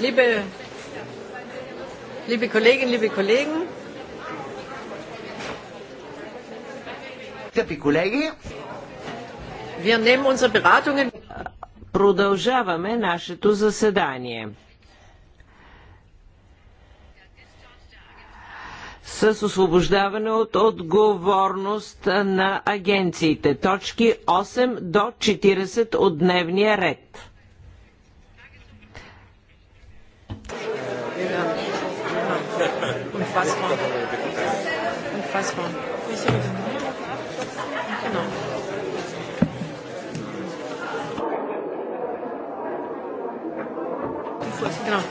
Liebe, liebe Kolleginnen, liebe Kollegen. Скъпи колеги, Продължаваме нашето заседание. с освобождаване от отговорност на агенциите. Точки 8 до 40 от дневния ред. phase 1. In phase 1. Genau. Genau.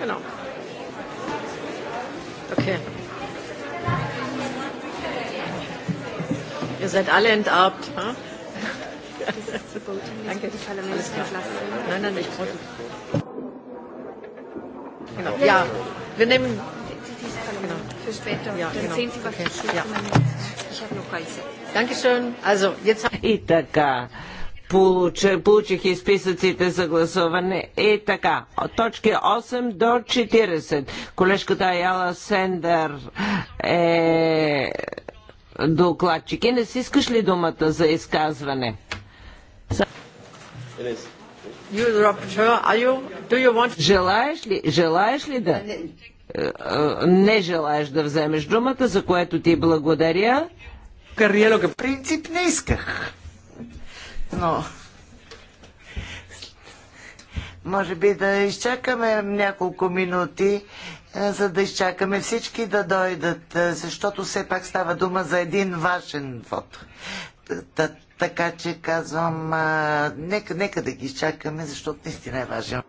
Genau. Okay. Ihr seid alle enterbt. Huh? Danke. Nein, nein, ich brauche. Genau. Ja, wir nehmen. Genau. Für später. Ja, genau. sehen Sie, was okay. ich ja. Ich habe noch Dankeschön. Also, jetzt. получих изписъците за гласуване. И така, от точки 8 до 40. Колежката Яла Сендер е докладчик. И не си искаш ли думата за изказване? It is. Желаеш ли, желаеш ли да? Е, е, не желаеш да вземеш думата, за което ти благодаря. Кариелога принцип не исках. Но може би да изчакаме няколко минути, е, за да изчакаме всички да дойдат, защото все пак става дума за един важен вод. Така че казвам, а, нека, нека да ги изчакаме, защото наистина е важен.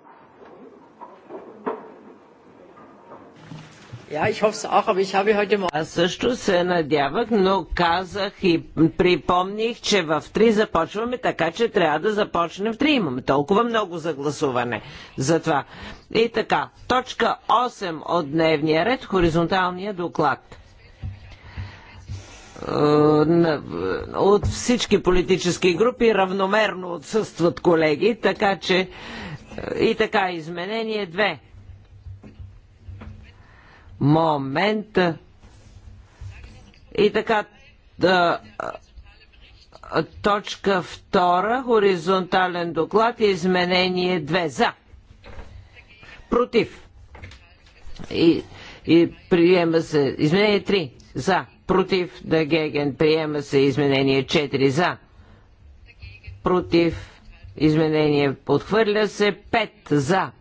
Аз също се надявах, но казах и припомних, че в 3 започваме, така че трябва да започнем в 3. Имаме толкова много за гласуване за това. И така, точка 8 от дневния ред, хоризонталния доклад. Е, от всички политически групи равномерно отсъстват колеги, така че е, и така изменение две. Момент. И така да, е, точка втора, хоризонтален доклад и изменение 2 за. Против. И, и приема се изменение три за против Дагеген, приема се изменение 4 за, против изменение подхвърля се 5 за,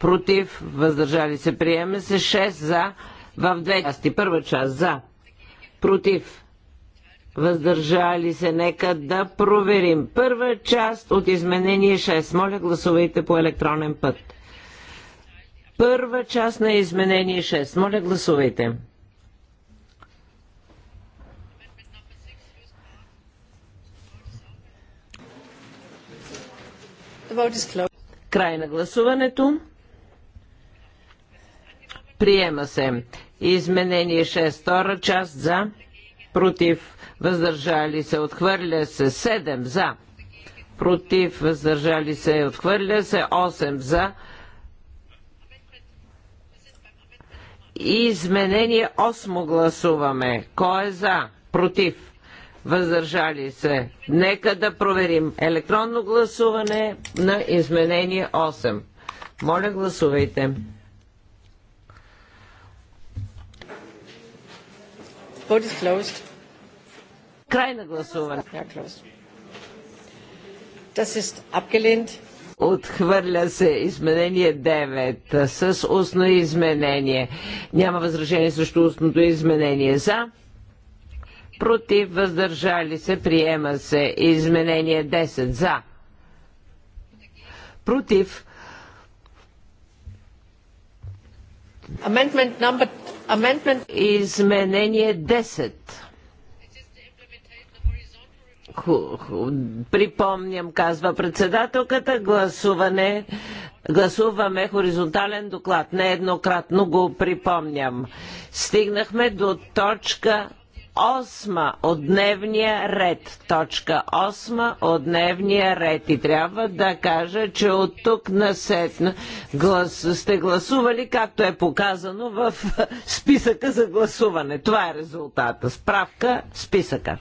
против въздържали се, приема се 6 за, в две части, първа част за, против въздържали се, нека да проверим. Първа част от изменение 6. Моля, гласувайте по електронен път. Първа част на изменение 6. Моля, гласувайте. Край на гласуването. Приема се. Изменение 6, втора част за, против, въздържали се, отхвърля се 7 за, против, въздържали се, отхвърля се 8 за. Изменение 8 гласуваме. Кой е за? Против въздържали се. Нека да проверим електронно гласуване на изменение 8. Моля, гласувайте. Vote is closed. Край на гласуване. Das ist abgelehnt. Отхвърля се изменение 9 с устно изменение. Няма възражение срещу устното изменение. За против, въздържали се, приема се. Изменение 10 за, против. Amendment number, amendment... Изменение 10. Припомням, казва председателката, гласуване гласуваме хоризонтален доклад. Нееднократно го припомням. Стигнахме до точка осма от дневния ред. Точка осма от дневния ред. И трябва да кажа, че от тук насетна глас, сте гласували, както е показано в списъка за гласуване. Това е резултата. Справка, списъка.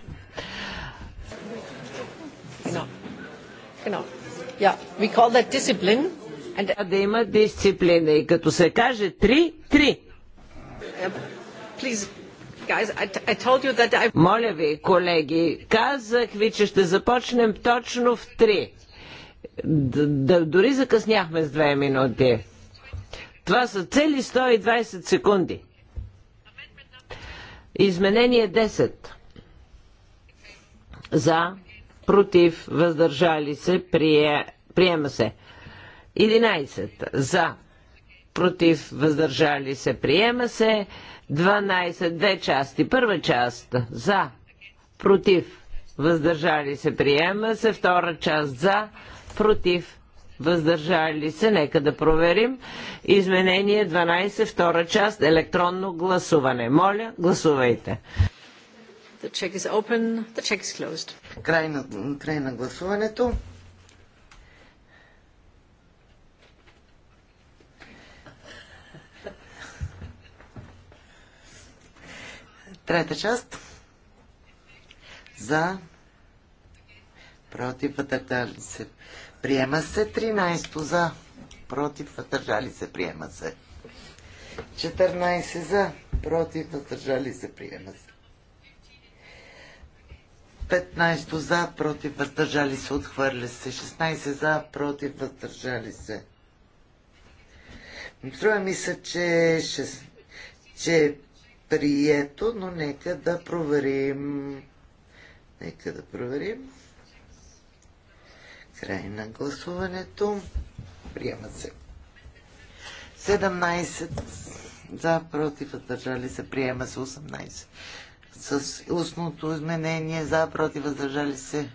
Genau. Yeah, we call that discipline. And... Да има дисциплина и като се каже три, три. Yeah, uh, please. Моля ви, колеги, казах ви, че ще започнем точно в 3. Дори закъсняхме с 2 минути. Това са цели 120 секунди. Изменение 10. За, против, въздържали се, прие, приема се. 11. За, против, въздържали се, приема се. 12, две части. Първа част за, против, въздържали се, приема се. Втора част за, против, въздържали се. Нека да проверим. Изменение 12, втора част, електронно гласуване. Моля, гласувайте. The check is open. The check is closed. Край на, край на гласуването. Трета част. За. Против. Въздържали се. Приема се. 13 за. Против. Въздържали се. Приема се. 14 за. Против. Въздържали се. Приема се. 15 за, против, въздържали се, отхвърля се. 16 за, против, въздържали се. Струва ми се, че, 6, че прието, но нека да проверим. Нека да проверим. Край на гласуването. Приема се. 17 за, против, въздържали се. Приема се 18. С устното изменение за, против, въздържали се.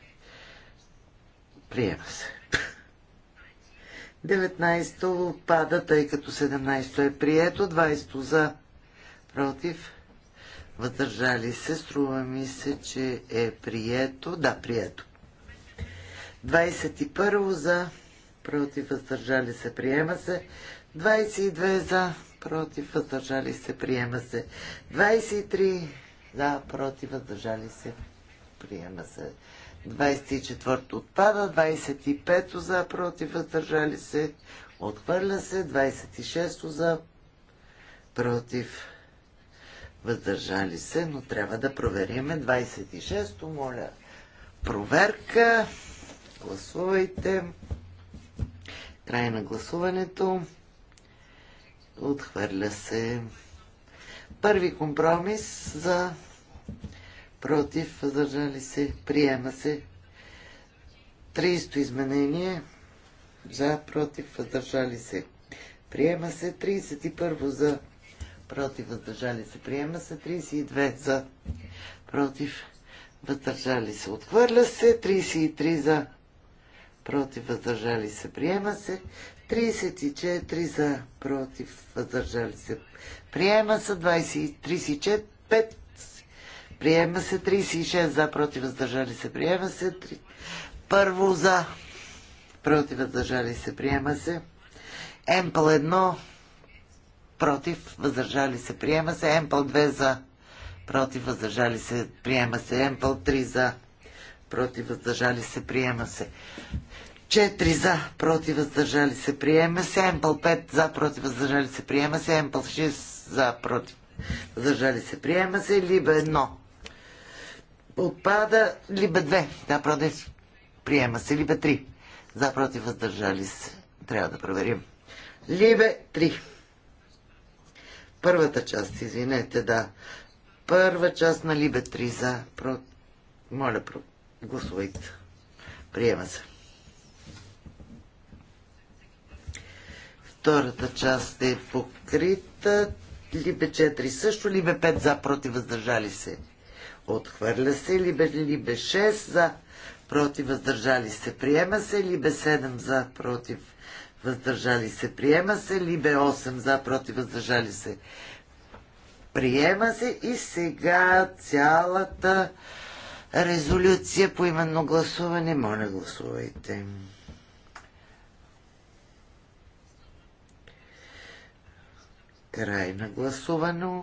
Приема се. 19-то пада, тъй като 17-то е прието, 20-то за против, въздържали се, струва ми се, че е прието. Да, прието. 21 за, против, въздържали се, приема се. 22 за, против, въздържали се, приема се. 23 за, против, въздържали се, приема се. 24 отпада, 25 за, против, въздържали се, отхвърля се, 26 за, против, въздържали се, но трябва да провериме. 26-то, моля, проверка. Гласувайте. Край на гласуването. Отхвърля се. Първи компромис за против, въздържали се, приема се. 30 изменение за против, въздържали се. Приема се 31 за против, въздържали се, приема се. 32 за, против, въздържали се, отхвърля се. 33 за, против, въздържали се, приема се. 34 за, против, въздържали се, приема се. 23, 5 Приема се 36 за, против въздържали се. Приема се 3. Първо за, против въздържали се. Приема се. Емпл 1 против, въздържали се, приема се. Емпл 2 за, против, въздържали се, приема се. Емпъл 3 за, против, въздържали се, приема се. 4 за, против, въздържали се, приема се. Емпъл 5 за, против, въздържали се, приема се. Емпъл 6 за, против, въздържали се, приема се. Либо 1. Отпада либо 2. Да, против, приема се. Либо 3. За, против, въздържали се. Трябва да проверим. Либе 3. Първата част, извинете, да. Първа част на Либе 3 за. Про... Моля, про... гласувайте. Приема се. Втората част е покрита. Либе 4 също. Либе 5 за, против, въздържали се. Отхвърля се. Либе, либе 6 за, против, въздържали се. Приема се. Либе 7 за, против, въздържали се, приема се. Либе 8 за, против, въздържали се, приема се. И сега цялата резолюция по именно гласуване. Моля, гласувайте. Край на гласуване.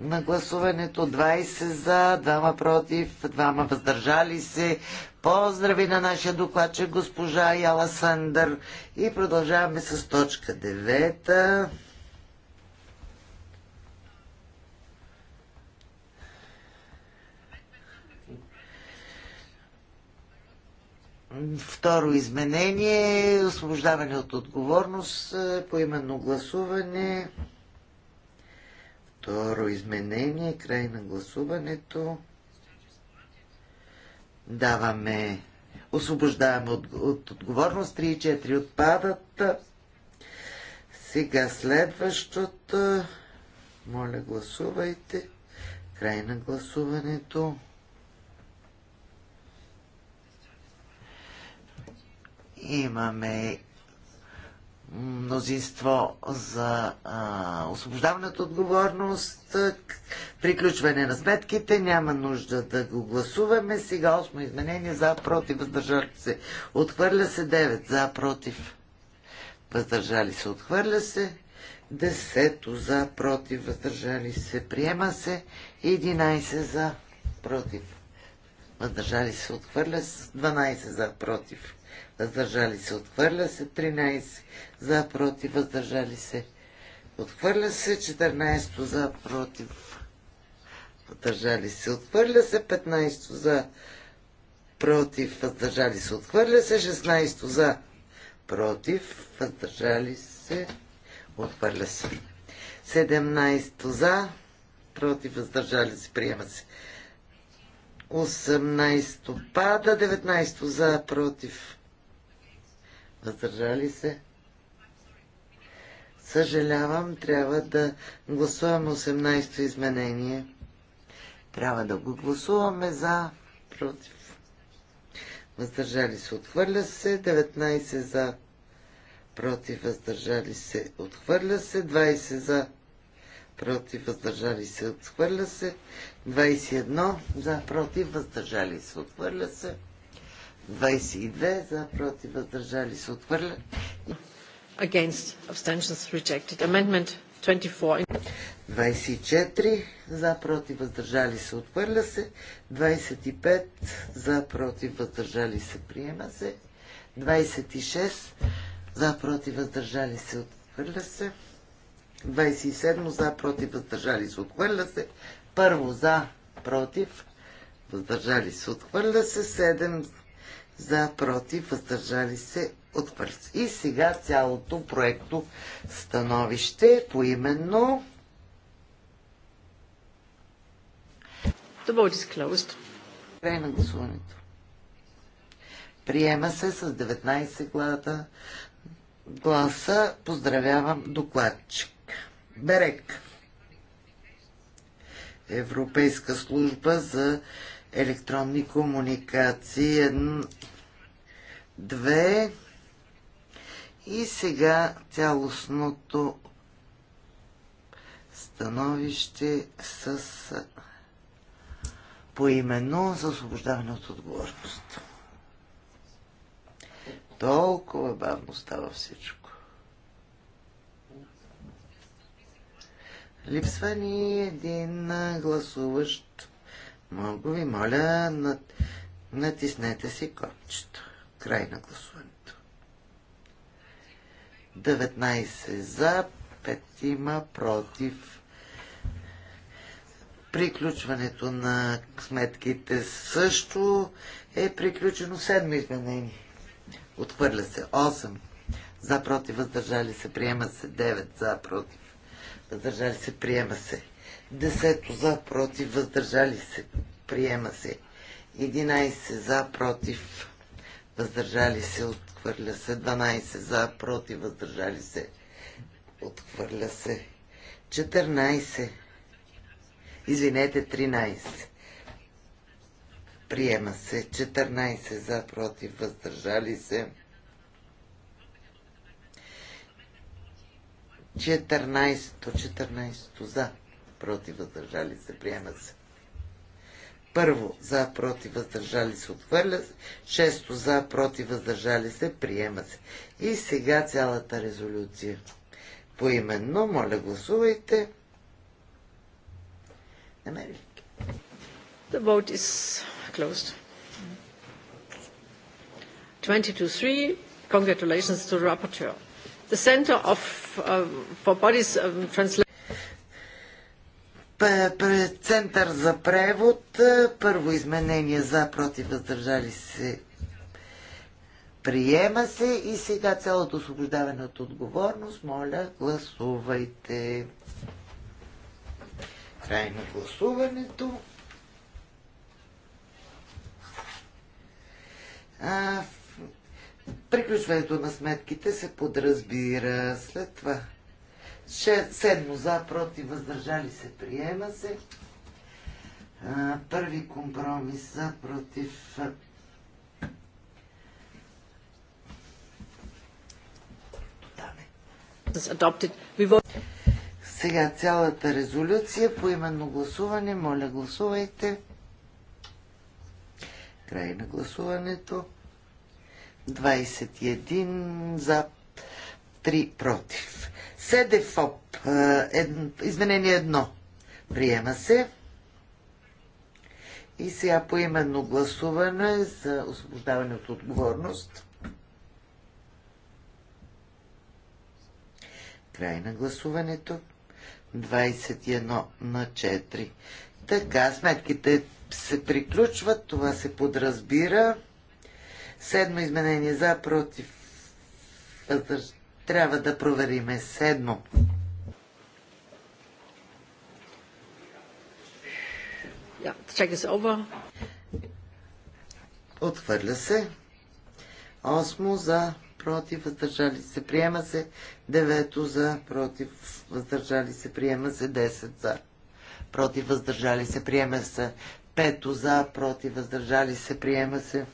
на гласуването 20 за, 2 против, 2 въздържали се. Поздрави на нашия докладчик госпожа Яла Сандър и продължаваме с точка 9. Второ изменение, освобождаване от отговорност, е, по именно гласуване. Второ изменение, край на гласуването даваме, освобождаваме от, от отговорност. 3 4 отпадат. Сега следващото. Моля, гласувайте. Край на гласуването. Имаме мнозинство за а, освобождаване от отговорност, приключване на сметките, няма нужда да го гласуваме. Сега 8 изменение за против, въздържали се. Отхвърля се 9 за против. Въздържали се, отхвърля се. Десето за против, въздържали се, приема се. 11 за против. Въздържали се, отхвърля се. 12 за против въздържали се, отхвърля се, 13 за, против, въздържали се, отхвърля се, 14 за, против, въздържали се, отхвърля се, 15 за, против, въздържали се, отхвърля се, 16 за, против, въздържали се, отхвърля се. 17 за, против, въздържали се, приема се. 18 пада, 19 за, против, въздържали се. Съжалявам, трябва да гласувам 18-то изменение. Трябва да го гласуваме за, против. Въздържали се, отхвърля се. 19 за, против, въздържали се, отхвърля се. 20 за, против, въздържали се, отхвърля се. 21 за, против, въздържали се, отхвърля се. 22 за против въздържали се отхвърля. Against abstentions rejected. Amendment 24. 24 за против въздържали се отхвърля се. 25 за против въздържали се приема се. 26 за против въздържали се отхвърля се. 27 за против въздържали се отхвърля се. Първо за против въздържали се отхвърля се. 7 за против, въздържали се, отхвърля И сега цялото проекто становище поименно. The vote is closed. Край на гласуването. Приема се с 19 глада гласа. Поздравявам докладчик. Берек. Европейска служба за електронни комуникации. Две. И сега цялостното становище с поименно за освобождаване от отговорност. Толкова бавно става всичко. Липсва ни един гласуващ много ви моля, натиснете си копчето. Край на гласуването. 19 за, 5 има против. Приключването на сметките също е приключено Седми изменение. Отхвърля се 8 за, против, въздържали се, приема се 9 за, против, въздържали се, приема се 10 за, против, въздържали се, приема се. 11 за, против, въздържали се, отхвърля се. 12 за, против, въздържали се, отхвърля се. 14, извинете, 13. Приема се 14 за, против, въздържали се. 14, 14 за, против, въздържали се, приема се. Първо, за, против, въздържали се, отхвърля се. Шесто, за, против, въздържали се, приема се. И сега цялата резолюция. Поименно, моля, гласувайте. Намери. The vote is closed. 22-3. Congratulations to the rapporteur. The Center of, um, for Bodies um, Translation Център за превод. Е, първо изменение за против въздържали се. Приема се и сега цялото освобождаване от отговорност. Моля, гласувайте. Край на гласуването. А, приключването на сметките се подразбира след това. Седмо за, против, въздържали се, приема се. Първи компромис за, против. Сега цялата резолюция по именно гласуване. Моля, гласувайте. Край на гласуването. 21 за, 3 против. СДФОП. Изменение едно. Приема се. И сега по именно гласуване за освобождаване от отговорност. Край на гласуването. 21 на 4. Така, сметките се приключват, това се подразбира. Седмо изменение за, против, въздържане трябва да провериме седмо. Yeah, check is over. се. Осмо за против, въздържали се, приема се. Девето за против, въздържали се, приема се. Десет за против, въздържали се, приема се. Пето за против, въздържали се, приема се.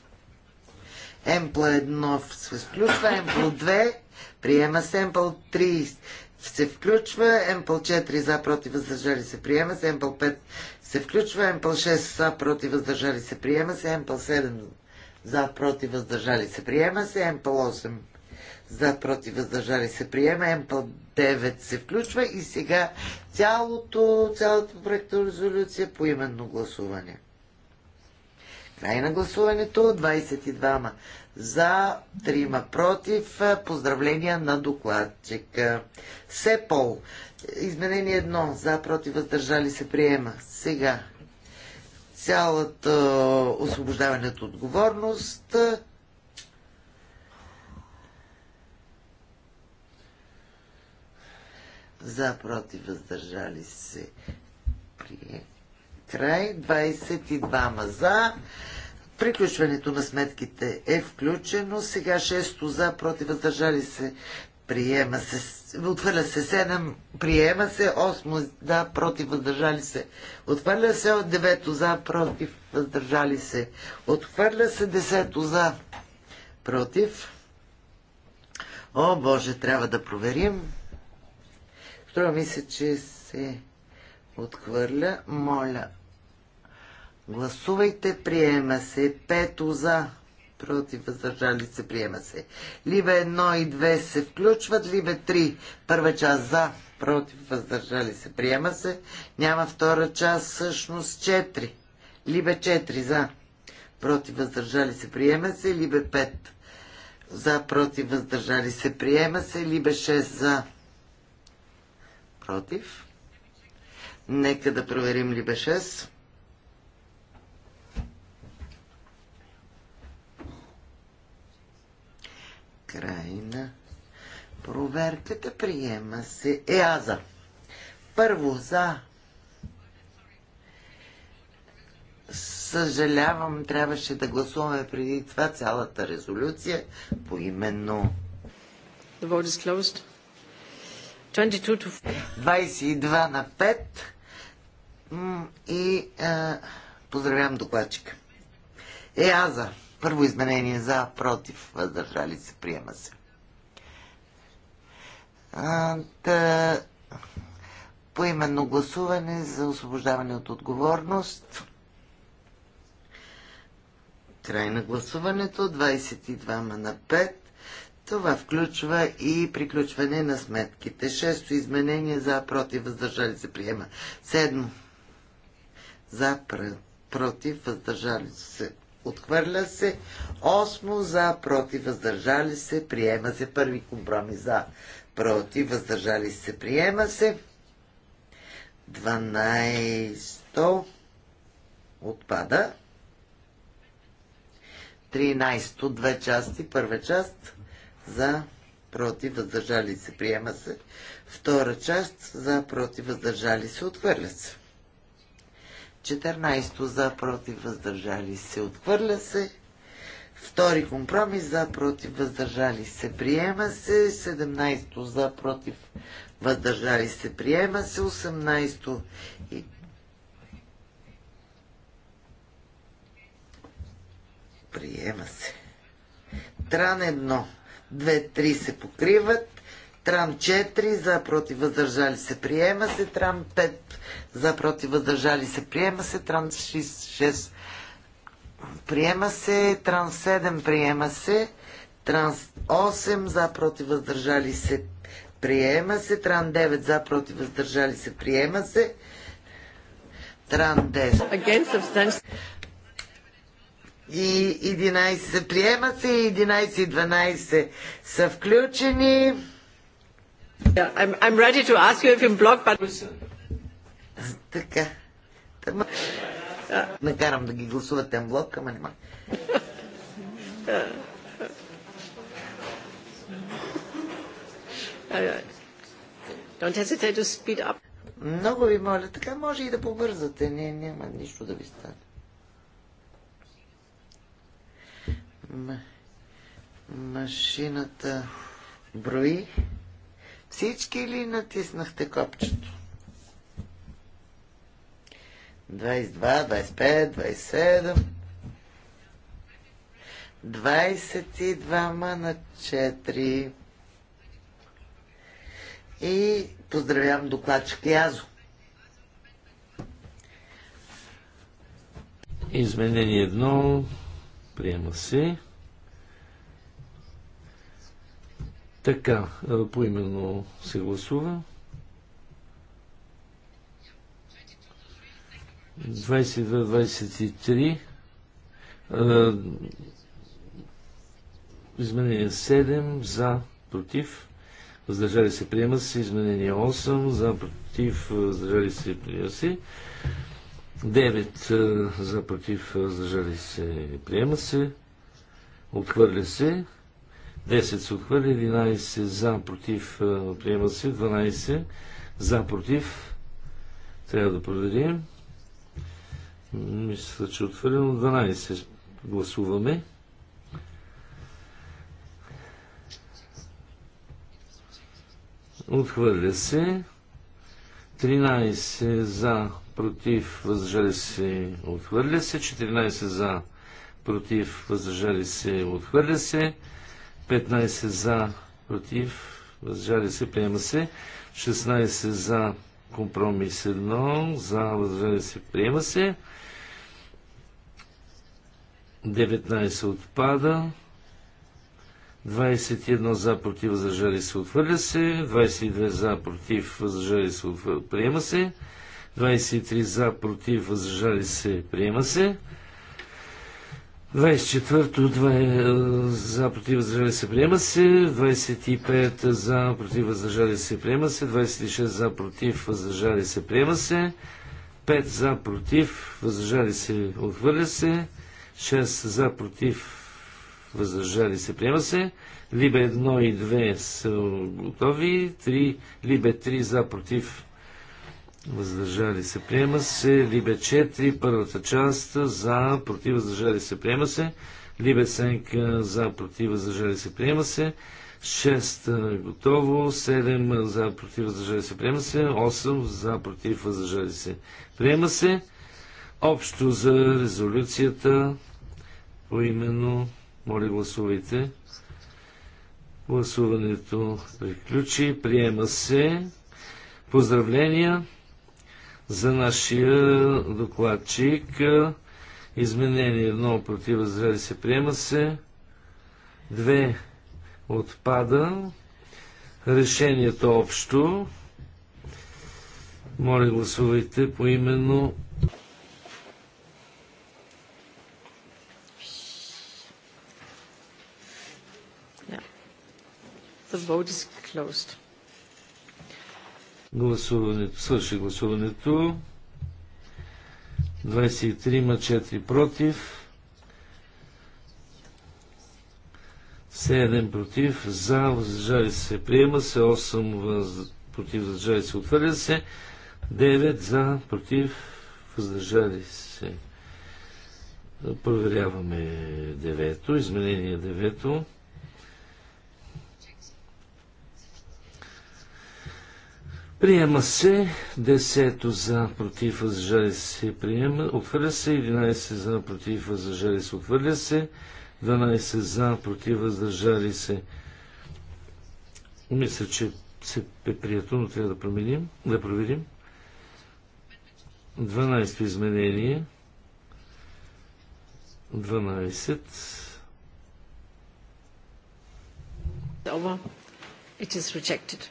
Емпл 1 се включва, Емпл 2 приема се, Емпл 3 се включва, Емпл 4 за, против, въздържали се, приема се, Емпл 5 се включва, Емпл 6 за, против, въздържали се, приема се, Емпл 7 за, против, въздържали се, приема се, Емпл 8 за, против, въздържали се, приема, Емпл 9 се включва и сега цялото, цялото проекта резолюция по именно гласуване. Край на гласуването. 22 за, 3 против. Поздравления на докладчика. Сепол. Изменение 1. За, против, въздържали се. Приема. Сега. Цялата освобождаване от отговорност. За, против, въздържали се. Приема край. 22 за. Приключването на сметките е включено. Сега 6 за, против, въздържали се. Приема се. Отвърля се 7. Приема се. 8 за, против, въздържали се. Отвърля се от 9 за, против, въздържали се. Отвърля се 10 за, против. О, Боже, трябва да проверим. Струва ми се, че се отхвърля. Моля, гласувайте, приема се. Пето за, против, въздържали се, приема се. Либе 1 и 2 се включват, либе 3, Първа част за, против, въздържали се, приема се. Няма втора част, всъщност 4. Либе 4 за, против, въздържали се, приема се. Либе 5 за, против, въздържали се, приема се. Либе 6 за, против, Нека да проверим ли беше. Крайна. проверката приема се е, аза. Първо за Съжалявам, трябваше да гласуваме преди това цялата резолюция по именно. 22 на 5 и е, поздравявам докладчика. ЕАЗа. Първо изменение за, против, въздържали се, приема се. Та, да, поименно гласуване за освобождаване от отговорност. Край на гласуването 22 на 5. Това включва и приключване на сметките. Шесто изменение за, против, въздържали се, приема. Седмо за против, въздържали се, отхвърля се. Осмо за против, въздържали се, приема се. Първи компромис за против, въздържали се, приема се. 12 отпада. 13 две части, първа част за против, въздържали се, приема се. Втора част за против, въздържали се, отхвърля се. 14 за, против, въздържали се, отхвърля се. Втори компромис за, против, въздържали се, приема се. 17 за, против, въздържали се, приема се. 18 и приема се. Тран едно. Две, три се покриват. Тран 4 за против въздържали се приема се. Тран 5 за против въздържали се приема се. Тран 6, приема се. Тран 7 приема се. Трам 8 за против въздържали се приема се. Тран 9 за против въздържали се приема се. Тран 10. И 11 се приемат се, и 11 и 12 са включени. Yeah, I'm, I'm ready to ask you if block, but... Така. Yeah. Накарам да ги гласувате блок, ама не Don't hesitate to speed up. Много ви моля, така може и да побързате. Не, няма нищо да ви стане. М- машината брои. Всички ли натиснахте копчето? 22, 25, 27. 22 на 4. И поздравявам докладчик Язо. Изменение 1. Приема се. Така, поименно се гласува. 22-23. Изменение 7 за против. Въздържали се приема се. Изменение 8 за против. Въздържали се приема се. 9 за против. Въздържали се приема се. Отхвърля се. 10 се отхвърля, 11 за, против, приема се, 12 за, против. Трябва да проверим. Мисля, че е отхвърлено 12. Гласуваме. Отхвърля се. 13 за, против, въздържали се, отхвърля се. 14 за, против, въздържали се, отхвърля се. 15 за, против, въздържали се, приема се. 16 за, компромис 1, за, въздържали се, приема се. 19 отпада. 21 за, против, въздържали се, отвърля се. 22 за, против, въздържали се, приема се. 23 за, против, въздържали се, приема се. 24-то е, е, за против въздържали се приема се, 25 за против въздържали се приема се, 26 за против въздържали се приема се, 5 за против въздържали се отхвърля се, 6 за против въздържали се приема се, либе 1 и 2 са готови, 3, либе 3 за против въздържали се, приема се. Либе 4, първата част, за, против, въздържали се, приема се. Либе 7, за, против, въздържали се, приема се. 6 готово, 7 за против въздържали се приема се, 8 за против въздържали се приема се. Общо за резолюцията по именно, моля гласувайте. Гласуването приключи, приема се. Поздравления! за нашия докладчик. Изменение едно против въздържали се приема се. Две отпада. Решението е общо. Моля гласувайте по именно. The vote is closed. Гласуването. Свърши гласуването. 23 има 4 против. 7 против. За. Въздържали се. Приема се. 8 въз... против. Въздържали се. Отвърля се. 9 за. Против. Въздържали се. Проверяваме девето. Изменение девето. 9 Приема се 10 за против въздържали се. Приема. Отхвърля се 11 за против въздържали се. Отхвърля се 12 за против въздържали се. Мисля, че се е прието, но трябва да променим, да проверим. 12 изменение. 12. It is rejected.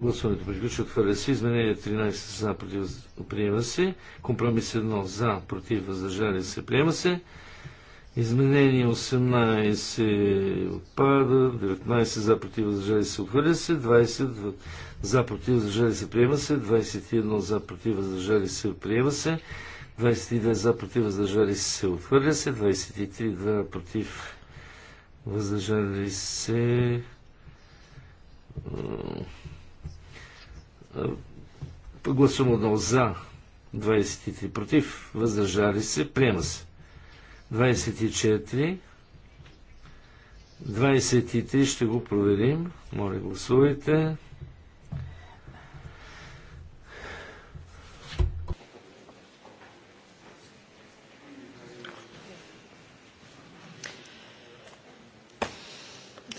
Гласуването приключва Отхвърля се. Изменение 13 за против приема се. Компромис 1 за против въздържали се приема се. Изменение 18 отпада. 19 за против въздържали се отхвърля се. 20 за против въздържали се приема се. 21 за против въздържали се приема се. 22 за против въздържали се отхвърля се. 23 за против въздържали се Гласувам едно за, 23 против, въздържали се, приема се. 24, 23 ще го проверим. Моля, гласувайте.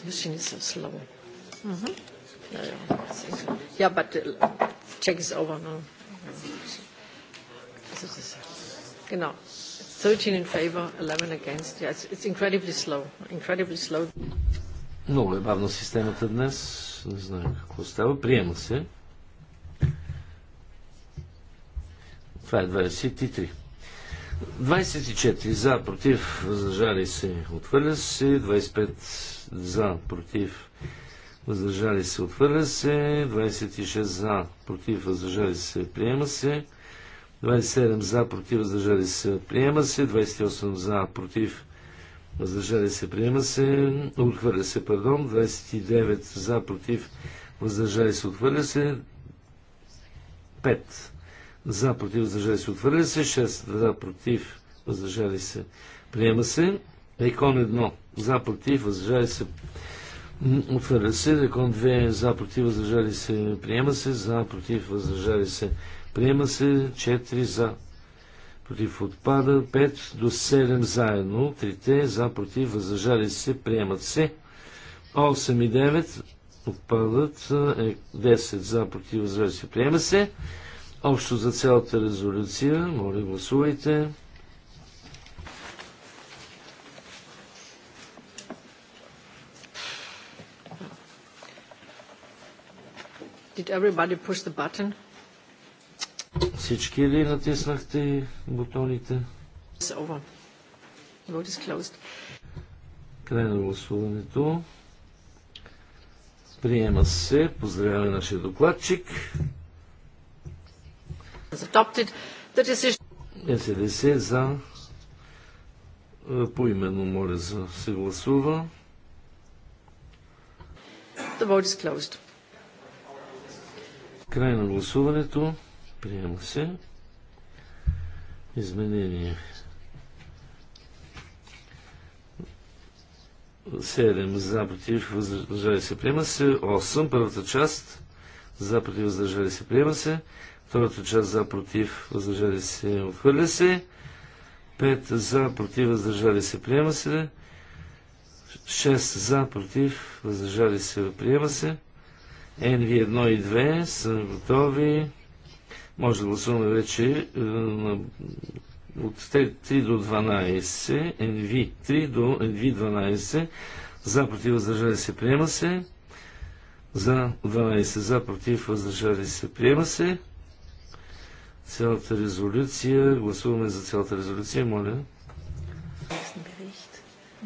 Machine is so slow. Yeah, mhm. but äh, check is over now. Genau. 13 in favor, 11 against. Yeah, it's, incredibly slow. Incredibly slow. Много е бавна системата днес. Не знам какво става. Приема се. Това е 23. 24 за, против, въздържали се, отвърля се. 25 за, против, въздържали се, отхвърля се, 26 за, против, въздържали се, приема се, 27 за, против, въздържали се, приема се, 28 за, против, въздържали се, приема се, отхвърля се, пардон, 29 за, против, въздържали се, отхвърля се, 5 за, против, въздържали се, отхвърля се, 6 за, против, въздържали се, приема се, Икон 1 за, против, въздържали се, Отвърля се. Рекон 2 е за, против, въздържали се. Приема се. За, против, въздържали се. Приема се. 4 за. Против отпада. 5 до 7 заедно. 3 за, против, въздържали се. Приемат се. 8 и 9 отпадат. 10 е, за, против, въздържали се. Приема се. Общо за цялата резолюция. Моля, гласувайте. Did everybody push the button? Всички ли натиснахте бутоните? It's over. Vote is closed. Край на гласуването. Приема се. Поздравяваме нашия докладчик. Adopted the decision. СДС е за е, поименно моля за се гласува. The vote is closed. Край на гласуването. Приема се. Изменение 7 за против въздържали се приема се. 8 първата част за против въздържали се приема се. Втората част за против въздържали се отхвърля се. 5 за против въздържали се приема се. 6 за против въздържали се приема се. NV1 и 2 са готови. Може да гласуваме вече е, от 3 до 12, NV3 до NV12, за против въздържали се, приема се, за 12, за против въздържали се, приема се. Цялата резолюция, гласуваме за цялата резолюция, моля.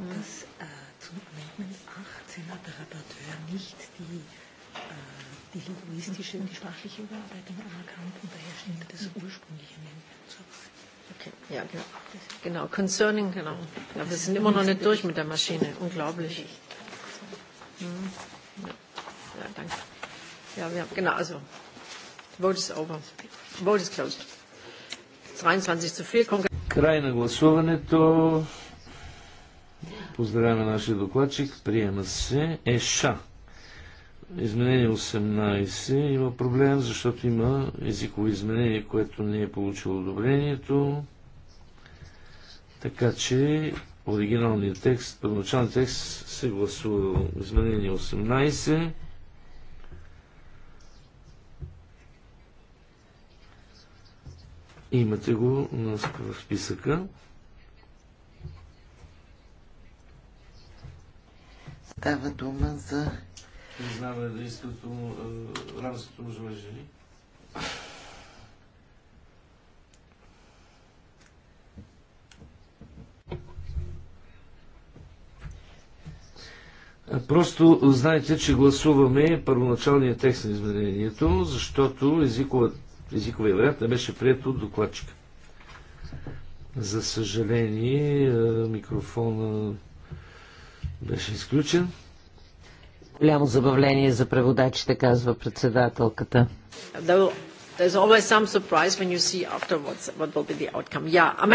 Das äh, zum Amendment 18 hat der Rapporteur nicht die die linguistische und die sprachliche Überarbeitung anerkannt und daher stimmt das ursprüngliche zu Okay, ja, genau. genau. Concerning, genau. Ja, wir sind immer noch nicht durch mit der Maschine. Unglaublich. Mhm. Ja. ja, danke. Ja, wir, haben, genau, also, vote is over. Vote is closed. 23 zu 4. Край на гласуването. Поздравяме нашия докладчик. Приема се. Еша. Изменение 18 има проблем, защото има езиково изменение, което не е получило одобрението. Така че оригиналният текст, първоначалният текст се гласува изменение 18. Имате го в списъка. Става дума за да на рамското е, равенството живе жени. Просто знаете, че гласуваме първоначалния текст на изменението, защото езикова, езиковия вариант не беше прият от докладчика. За съжаление, е, микрофона беше изключен. Голямо забавление за преводачите, казва председателката.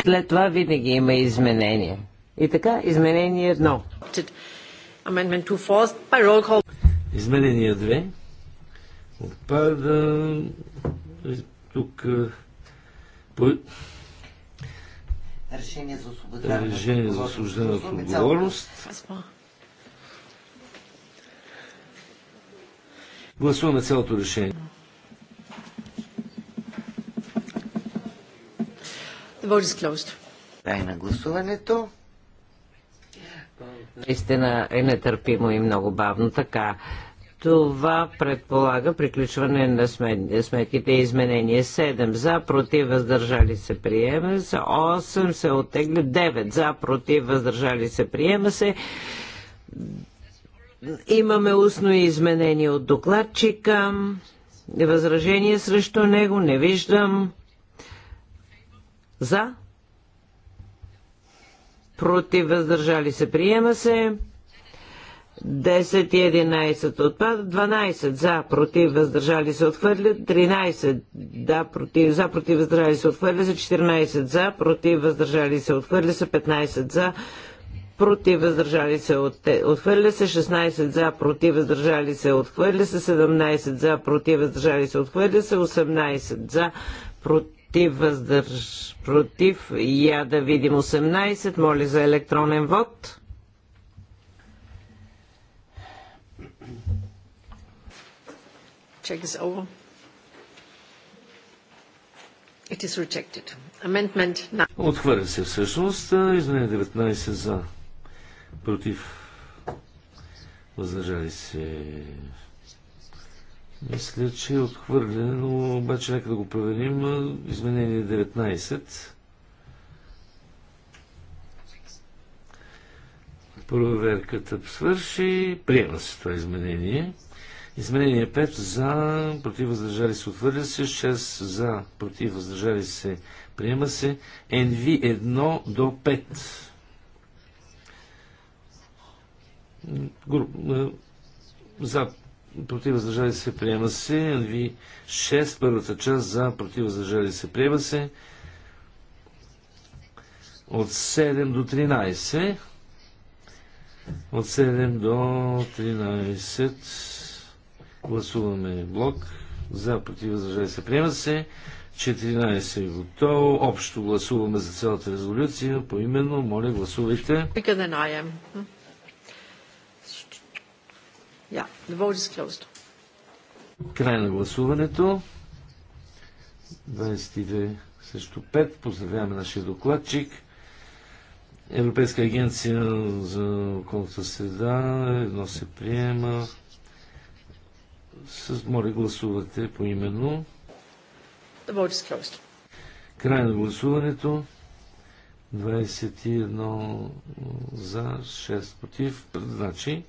След това винаги има изменения. И така, изменение едно. Изменение две. Отпада. Тук е, по... Решение за освобождане от отговорност. Гласуваме цялото решение. Дай на гласуването. Наистина е нетърпимо и много бавно така. Това предполага приключване на сметките и изменение 7 за, против, въздържали се, приема се, 8 се оттегля, 9 за, против, въздържали се, приема се, Имаме устно изменение от докладчика. Възражение срещу него не виждам. За? Против въздържали се. Приема се. 10 и 11 отпадат, 12 за, против, въздържали се отхвърлят, 13 да, против, за, против, въздържали се отхвърля се, 14 за, против, въздържали се отхвърля се, 15 за, против въздържали се отхвърля се, 16 за, против въздържали се отхвърля се, 17 за, против въздържали се отхвърля се, 18 за, против въздърж, против, я да видим 18, моля за електронен вод. Check is over. It is rejected. Amendment 9. Отхвърля се всъщност. Измене 19 за против, въздържали се. Мисля, че е отхвърлено, обаче нека да го проверим. Изменение 19. Проверката свърши. Приема се това изменение. Изменение 5 за, против въздържали се, отвърля се. 6 за, против въздържали се, приема се. NV 1 до 5. Груп, за против въздържали се приема се. NV 6, първата част за против въздържали се приема се. От 7 до 13. От 7 до 13 гласуваме блок. За против въздържали се приема се. 14 е готово. Общо гласуваме за цялата резолюция. Поименно, моля, гласувайте. Bigger than I am. Yeah, the vote is closed. Край на гласуването. 22 срещу 5. Поздравяваме нашия докладчик. Европейска агенция за околната среда. Едно се приема. С, моля, гласувате по именно. The vote is closed. Край на гласуването. 21 за, 6 против. Значи,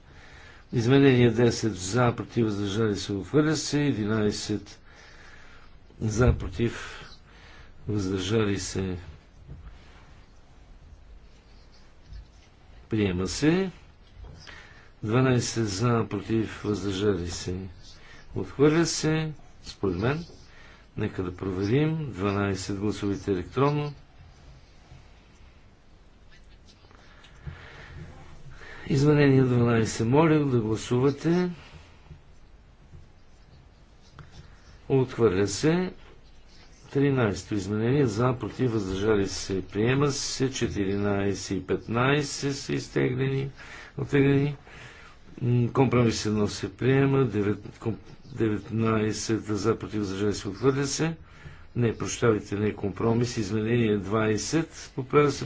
Изменение 10 за, против, въздържали се, отхвърля се. 11 за, против, въздържали се, приема се. 12 за, против, въздържали се, отхвърля се, според мен. Нека да проверим. 12 гласовите електронно. Изменение 12. Моля да гласувате. Отхвърля се. 13-то изменение за, против, въздържали се, приема се. 14 и 15 са изтеглени, Отеглени. Компромисът 1 се приема. 19 за, против, въздържали се, отхвърля се. Не, прощавайте, не е компромис. Изменение 20 поправя се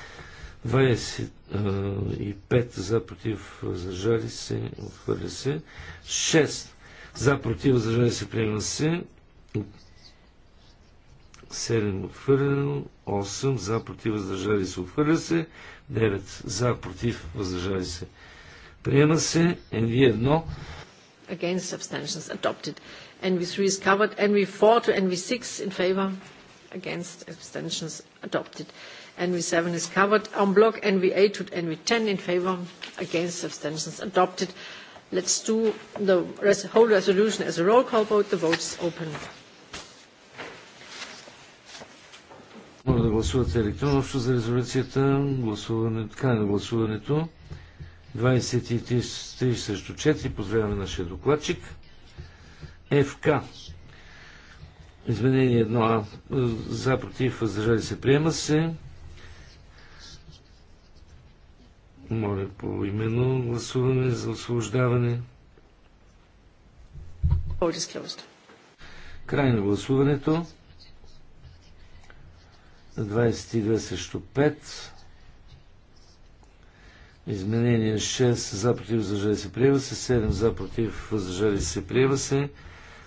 25 за против зажали се, отхвърля се. 6 за против зажали се, приема се. 7 отхвърлено, 8 за против въздържали се, отхвърля се. 9 за против въздържали се, приема се. NV1 е, against abstentions adopted. NV3 is covered. NV4 to NV6 in favor against abstentions adopted. NV7 is covered. En bloc, NV8 to NV10 in favor, against, abstentions adopted. Let's do the whole resolution as a roll call vote. The vote is open. Моля да гласувате електронно за резолюцията. Гласуване, край на гласуването. 23 срещу 4. Поздравяме нашия докладчик. ФК. Изменение 1А. За, против, въздържали се, приема се. Моля по именно гласуване за освобождаване. Край на гласуването. 22 срещу 5. Изменение 6 за против въздържали се приема се, 7 за против въздържали се приема се,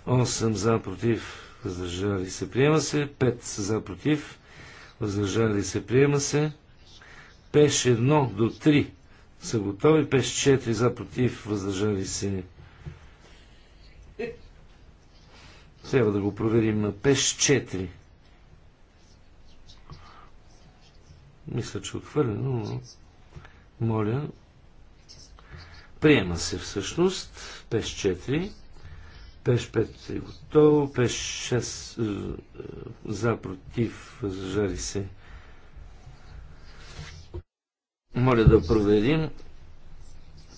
8 за против въздържали се приема се, 5 за против въздържали се приема се. Пеш 1 до 3 са готови. Пеш 4 за против, въздържали се. Трябва да го проверим на Пеш 4. Мисля, че е отхвърлено, но моля. Приема се всъщност. Пеш 4. Пеш 5 е готово. Пеш 6 е, е, за против, зажари се. Моля да проверим.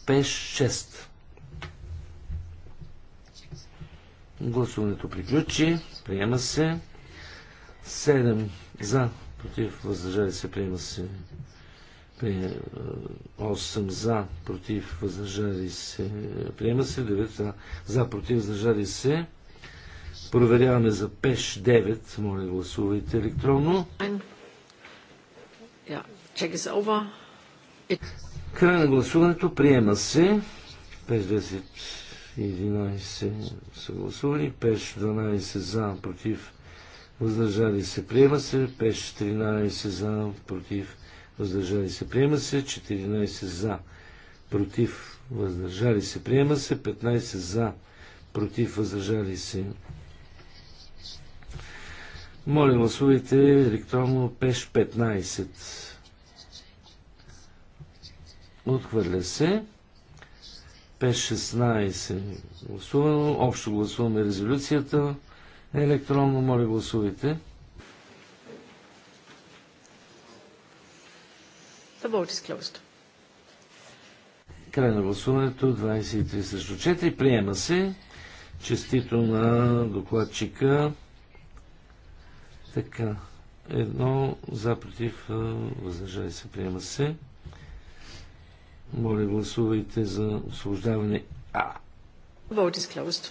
Пеш 6. Гласуването приключи. Приема се. 7 за, против, въздържали се, приема се. 8 е, за, против, въздържали се, приема се. 9 за, за против, въздържали се. Проверяваме за ПЕШ 9. Моля, гласувайте електронно. Check is over. Край на гласуването. Приема се. 5 11 са гласували. 5 12 за, против, въздържали се. Приема се. 5 14 за, против, въздържали се. Приема се. 14 за, против, въздържали се. Приема се. 15 за, против, въздържали се. Моля, гласувайте електронно ПЕШ 15. Отхвърля се. 5.16. Гласувано. Общо гласуваме резолюцията. Електронно, моля, гласувайте. The vote is closed. Край на гласуването. 23 срещу 4. Приема се. Честито на докладчика. Така. Едно за против въздържали се. Приема се. Моля, гласувайте за освобождаване А. Vote is closed.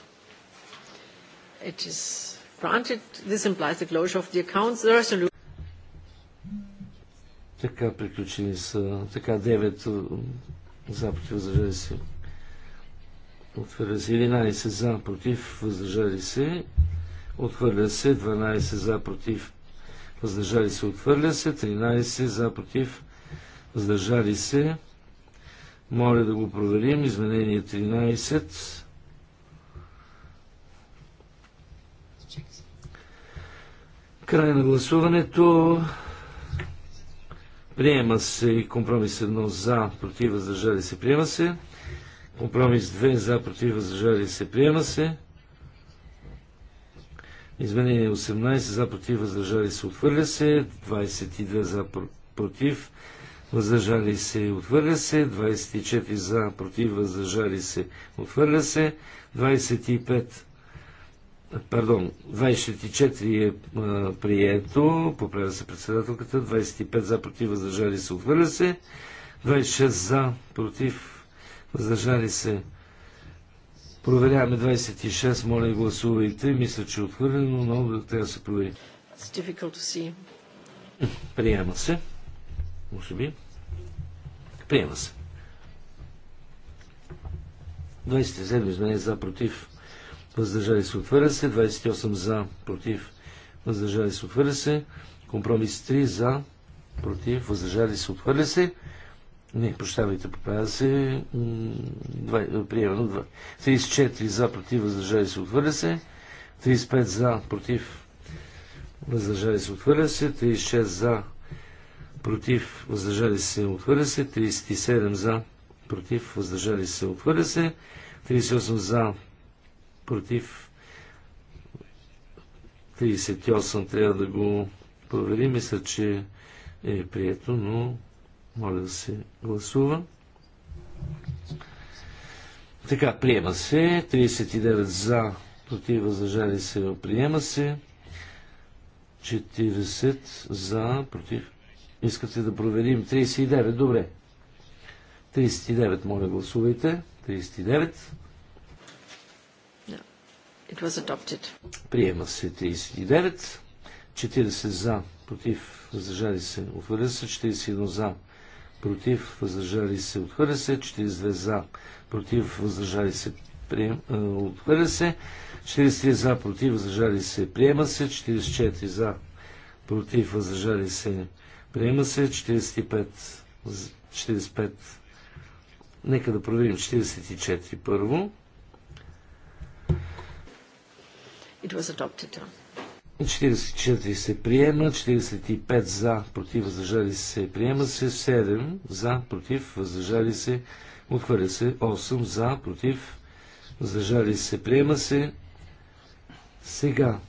It is granted. This implies the closure of the accounts. The resolution... Така приключени са. Така 9 за против въздържали се. Отхвърля се 11 за против въздържали се. Отхвърля се 12 за против въздържали се. Отхвърля се 13 за против въздържали се. Моля да го проверим. Изменение 13. Край на гласуването. Приема се компромис 1 за, против, въздържали се, приема се. Компромис 2 за, против, въздържали се, приема се. Изменение 18 за, против, въздържали се, Отвърля се. 22 за, против, въздържали се, отвърля се, 24 за, против, въздържали се, отвърля се, 25, пардон, 24 е а, прието, поправя се председателката, 25 за, против, въздържали се, отвърля се, 26 за, против, въздържали се, Проверяваме 26, моля гласувайте. Мисля, че е отхвърлено, но трябва да се провери. Приема се. Може би. Приема се. 27 изменение за, против, въздържали се, отвърля се. 28 за, против, въздържали се, отвърля се. Компромис 3 за, против, въздържали се, отвърля се. Не, прощавайте, поправя се. Приемано 34 за, против, въздържали се, отвърля се. 35 за, против, въздържали се, отвърля се. 36 за, против, въздържали се, отхвърля се, 37 за, против, въздържали се, отхвърля се, 38 за, против, 38 трябва да го проверим. Мисля, че е прието, но моля да се гласува. Така, приема се. 39 за, против, въздържали се, приема се. 40 за, против, Искате да проверим 39. Добре. 39, моля, гласувайте. 39. It was adopted. Приема се 39. 40 за, против, въздържали се, отхвърля се. 41 за, против, въздържали се, отхвърля се. 42 за, против, въздържали се, прием... Е, отхвърля се. 43 за, против, въздържали се, приема се. 44 за, против, въздържали се, Приема се 45. 45. Нека да проверим 44 първо. It was adopted. 44 се приема, 45 за, против, въздържали се, приема се, 7 за, против, въздържали се, отхвърля се, 8 за, против, въздържали се, приема се. Сега,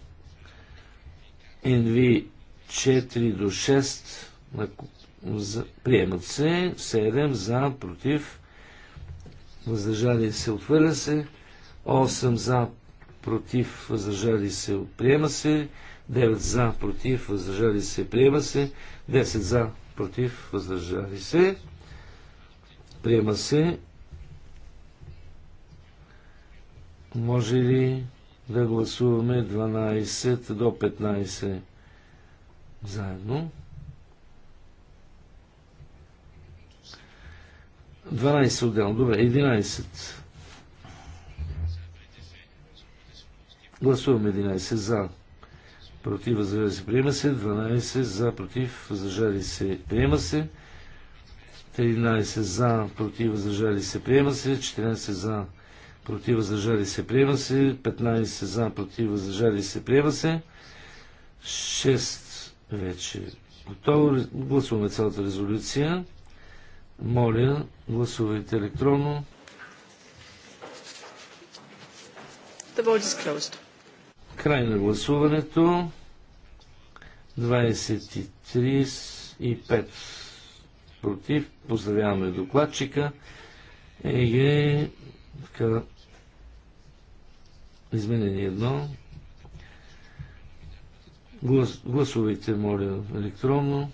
NV 4 до 6 Приемат се. 7 за, против. Въздържали се, отвърля се. 8 за, против, въздържали се, приема се. 9 за, против, въздържали се, приема се. 10 за, против, въздържали се. Приема се. Може ли да гласуваме 12 до 15 заедно? 12 отделно. Добре, 11. Гласуваме 11 за. Против, въздържали се, приема се. 12 за, против, въздържали се, приема се. 13 за, против, въздържали се, приема се. 14 за, против, въздържали се, приема се. 15 за, против, въздържали се, приема се. 6 вече готово. Гласуваме цялата резолюция. Моля, гласувайте електронно. The vote is closed. Край на гласуването. 23 и 5 против. Поздравяваме докладчика. Еге, е, така, изменение едно. Глас, гласувайте, моля, електронно.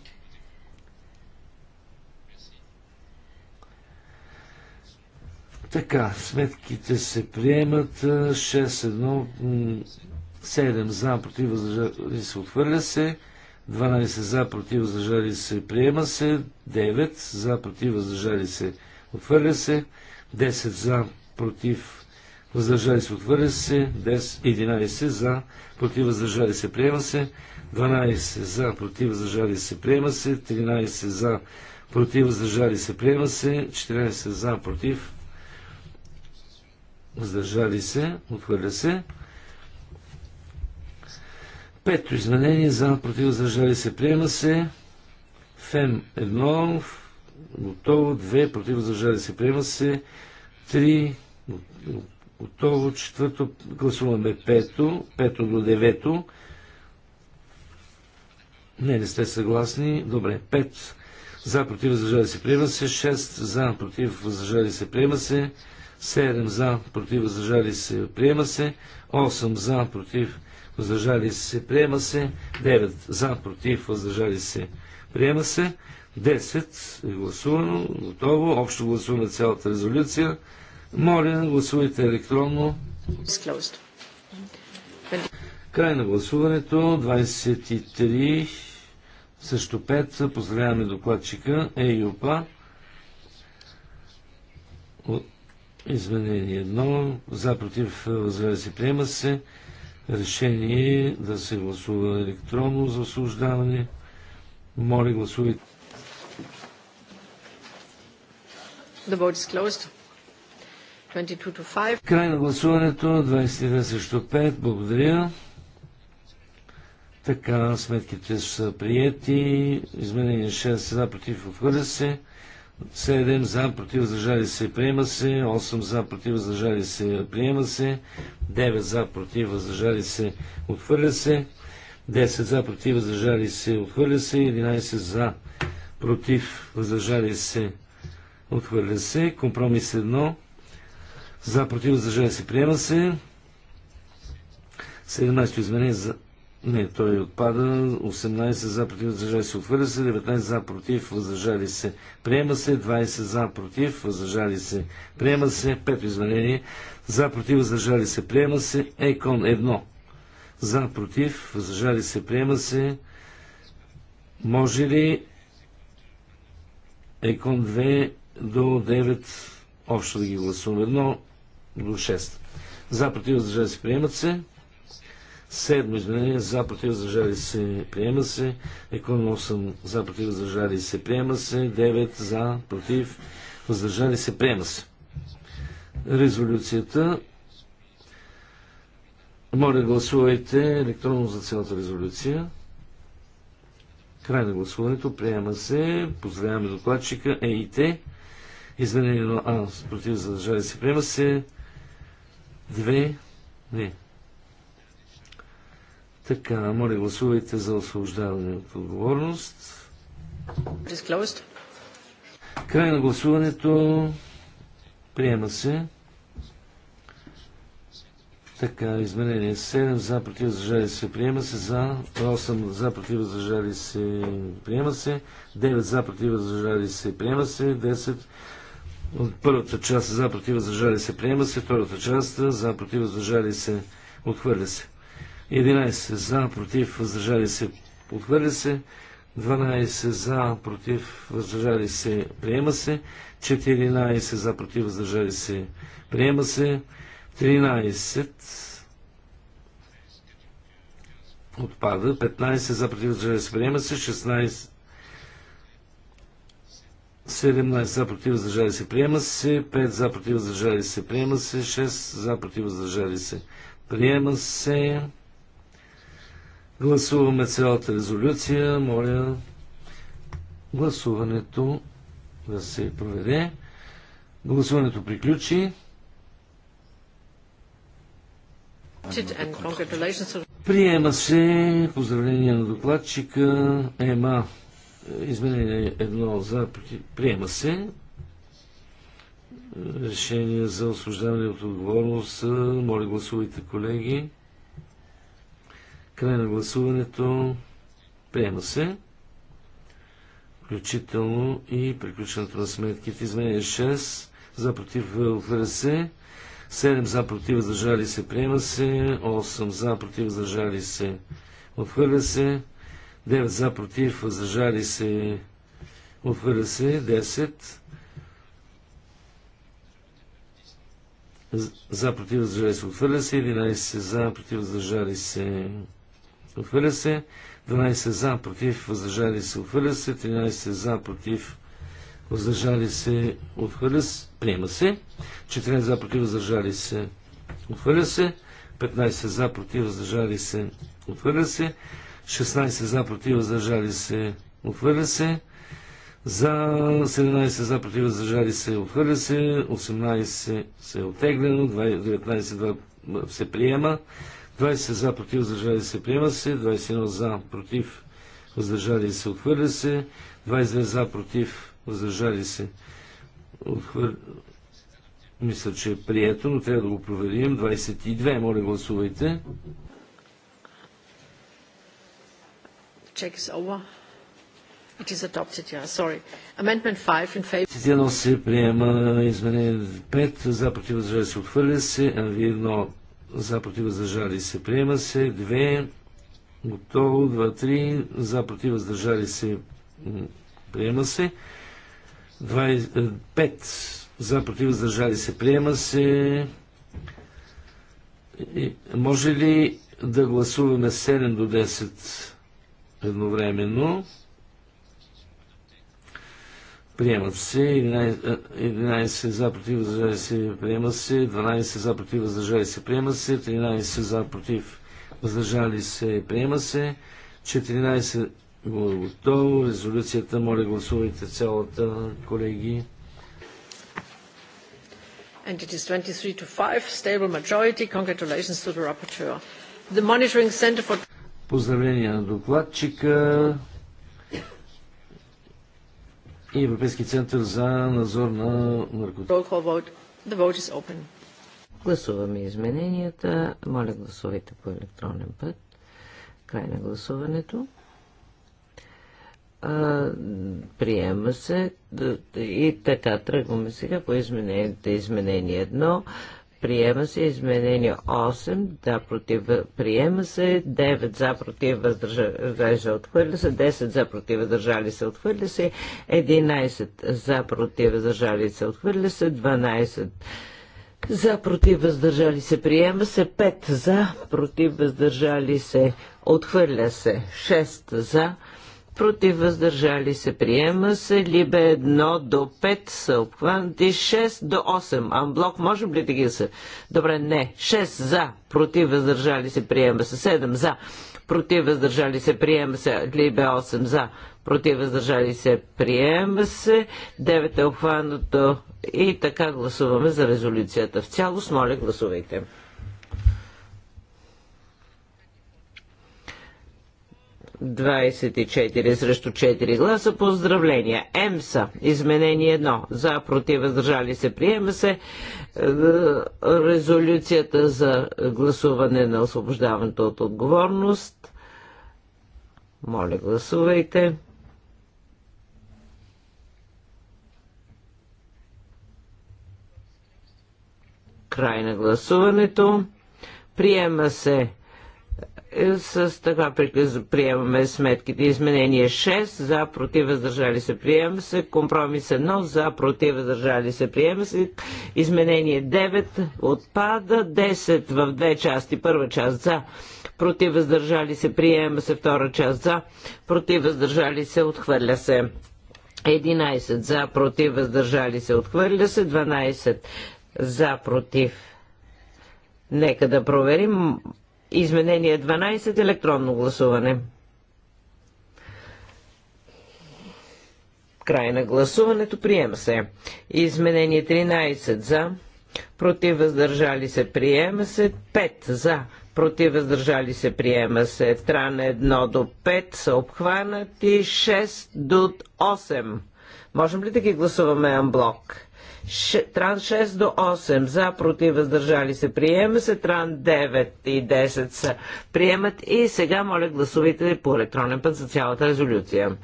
Така, сметките се приемат 6-1, 7 за, против, въздържали се, отхвърля се, 12 за, против, въздържали се, приема се, 9 за, против, въздържали се, отхвърля се, 10 за, против, въздържали се, отхвърля се, 11 за, против, въздържали се, приема се, 12 за, против, въздържали се, приема се, 13 за, против, въздържали се, приема се, 14 за, против, въздържали се, отхвърля се. Пето изменение за против въздържали се приема се. Фем 1, готово, 2, против въздържали се приема се. 3, готово, четвърто, гласуваме пето, пето до девето. Не, не сте съгласни. Добре, 5 за против въздържали се приема се, 6 за против въздържали се приема се, 7 за, против, въздържали се, приема се. 8 за, против, въздържали се, приема се. 9 за, против, въздържали се, приема се. 10 е гласувано, готово. Общо гласуваме цялата резолюция. Моля, гласувайте електронно. Край на гласуването. 23 също 5. Поздравяваме докладчика ЕЮПА. Изменение 1. За, против, въздържали се, приема се. Решение да се гласува електронно за осуждаване. Моля, гласувайте. The vote is closed. 22 to 5. Край на гласуването. 22 срещу 5. Благодаря. Така, сметките са приети. Изменение 6 за против отхвърля се. 7 за, против, въздържали се, приема се. 8 за, против, въздържали се, приема се. 9 за, против, въздържали се, отхвърля се. 10 за, против, въздържали се, отхвърля се. 11 за, против, въздържали се, отхвърля се. Компромис 1 за, против, въздържали се, приема се. 17 изменение за, не, той отпада. 18 за против въздържали се отхвърля се. 19 за против въздържали се. Приема се. 20 за против въздържали се. Приема се. 5 изменение. За против въздържали се. Приема се. Екон 1. За против въздържали се. Приема се. Може ли Екон 2 до 9 общо да ги гласуваме? 1 до 6. За против въздържали се. Приемат се. Седмо изменение за против въздържали се приема се. Екон 8 за против въздържали се приема се. 9 за против въздържали се приема се. Резолюцията. Моля гласувайте електронно за цялата резолюция. Край на гласуването. Приема се. Поздравяваме докладчика те. Изменение на А против задържали се. Приема се. Две. Не. Така, моля гласувайте за освобождаване от отговорност. Край на гласуването. Приема се. Така, изменение 7 за против зажали се приема се за 8 за против зажали се приема се 9 за против зажали се приема се 10 от първата част за против се приема се втората част за против въздържали се отхвърля се 11 за, против, въздържали се, отхвърля се. 12 за, против, въздържали се, приема се. 14 за, против, въздържали се, приема се. 13 отпада. 15 за, против, въздържали се, приема се. 16 17 за против въздържали се приема се, 5 за против въздържали се приема се, 6 за против въздържали се приема се. Гласуваме цялата резолюция. Моля гласуването да се проведе. Гласуването приключи. Приема се поздравление на докладчика ЕМА. Изменение едно за приема се. Решение за освобождаване от отговорност. Моля гласувайте, колеги. Край на гласуването. Приема се. Включително и приключването на сметките. Изменение 6. За против отхвърля се. 7 за против въздържали се. Приема се. 8 за против въздържали се. Отхвърля се. 9 за против въздържали се. Отхвърля се. 10. за против въздържали се. Отхвърля се. 11 за против въздържали се отхвърля се. 12 за, против, въздържали се, отхвърля се. 13 за, против, въздържали се, отхвърля се, приема се. 14 за, против, въздържали се, отхвърля се. 15 за, против, въздържали се, отхвърля се. 16 за, против, въздържали се, отхвърля се. За 17 за, против, въздържали се, отхвърля се. 18 се е оттеглено. 19 2 се приема. 20 за, против, въздържали се, приема се. 21 за, против, въздържали се, отхвърля се. 22 за, против, въздържали се, отхвърля мисля, че е прието, но трябва да го проверим. 22, моля гласувайте. Check is over. It is adopted, yeah, sorry. Amendment 5 in favor. се приема изменение 5, за против въздържали се отхвърля се, е, Вие 1 за против въздържали се. Приема се 2, готово 2, 3, за против въздържали се. Приема се 2, 5, е, за против въздържали се. Приема се. И може ли да гласуваме 7 до 10 едновременно? Приемат се 11, 11 за против въздържали се, приема се 12 за против въздържали се, приема се 13 за против въздържали се, приема се 14 е готово. Резолюцията, моля гласувайте цялата, колеги. And it is 23 to 5, stable majority. Congratulations to the rapporteur. The Monitoring Center for... Поздравления на докладчика и Европейски център за надзор на наркотици. Гласуваме измененията. Моля, гласовете по електронен път. Край на гласуването. А, приема се и така тръгваме сега по измененията. Изменение 1 Приема се изменение 8, да, против, приема се 9 за против, въздържали се, отхвърля се, 10 за против, въздържали се, отхвърля се, 11 за против, въздържали се, отхвърля се, 12 за против, въздържали се, приема се, 5 за против, въздържали се, отхвърля се, 6 за против, против въздържали се, приема се, либе 1 до 5 са обхванати, 6 до 8, амблок, можем ли да ги са? Добре, не, 6 за, против въздържали се, приема се, 7 за, против въздържали се, приема се, либе 8 за, против въздържали се, приема се, 9 е обхванато и така гласуваме за резолюцията в цялост, моля гласувайте. 24 срещу 4 гласа. Поздравления. ЕМСА. Изменение 1. За, против, въздържали се. Приема се е, резолюцията за гласуване на освобождаването от отговорност. Моля, гласувайте. Край на гласуването. Приема се с така приемаме сметките. Изменение 6 за против въздържали се приема се. Компромис 1 за против въздържали се приема се. Изменение 9 отпада. 10 в две части. Първа част за против въздържали се приема се. Втора част за против въздържали се отхвърля се. 11 за против въздържали се отхвърля се. 12 за против Нека да проверим. Изменение 12. Електронно гласуване. Край на гласуването. Приема се. Изменение 13. За. Против въздържали се. Приема се. 5. За. Против въздържали се. Приема се. Тран 1 до 5 са обхванати. 6 до 8. Можем ли да ги гласуваме анблок? Ш, тран 6 до 8 за, против, въздържали се, приема се. Тран 9 и 10 са приемат. И сега моля гласувайте по електронен път за цялата резолюция.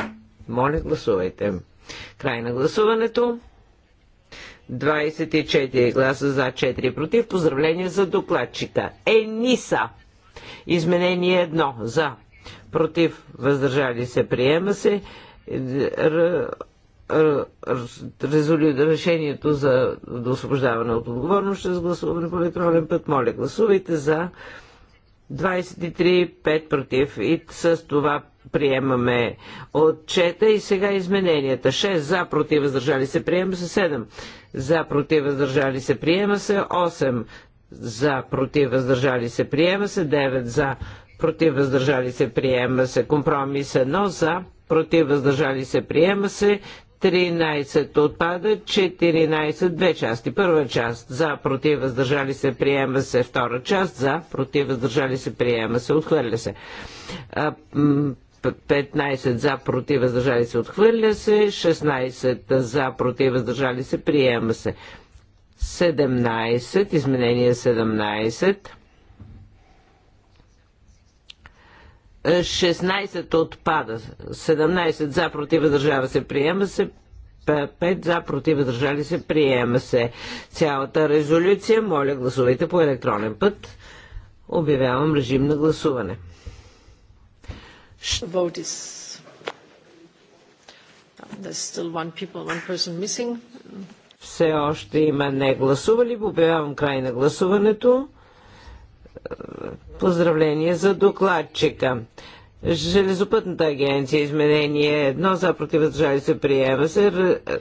Моля гласувайте. Край на гласуването. 24 гласа за, 4 против. Поздравление за докладчика. Ениса. Изменение 1 за, против, въздържали се, приема се. Р решението за освобождаване от отговорност ще гласуване по електронен път. Моля, гласувайте за 23, 5 против. И с това приемаме отчета и сега измененията. 6 за, против, въздържали се, приема се 7. За, против, въздържали се, приема се 8. За, против, въздържали се, приема се 9. За, против, въздържали се, приема се компромис 1. За, против, въздържали се, приема се 13 отпада, 14 две части. Първа част за, против, въздържали се, приема се. Втора част за, против, въздържали се, приема се, отхвърля се. 15 за, против, въздържали се, отхвърля се. 16 за, против, въздържали се, приема се. 17, изменение 17 16 отпада. 17 за, против, държава се, приема се. 5 за, против, държали се, приема се. Цялата резолюция, моля, гласувайте по електронен път. Обявявам режим на гласуване. Vote um, There's still one people, one person missing. Все още има не гласували. Обявявам край на гласуването. Поздравление за докладчика. Железопътната агенция изменение едно за противодържали въздържали се приема се е, е,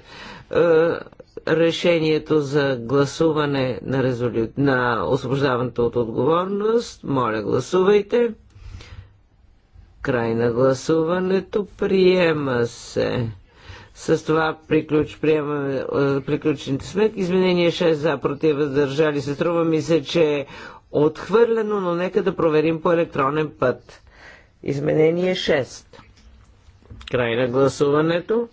решението за гласуване на, резолю... на освобождаването от отговорност. Моля, гласувайте. Край на гласуването. Приема се. С това приключ, приемаме, е, приключените сметки. Изменение 6 за против въздържали се. Струва ми се, че Отхвърлено, но нека да проверим по електронен път. Изменение 6. Край на гласуването.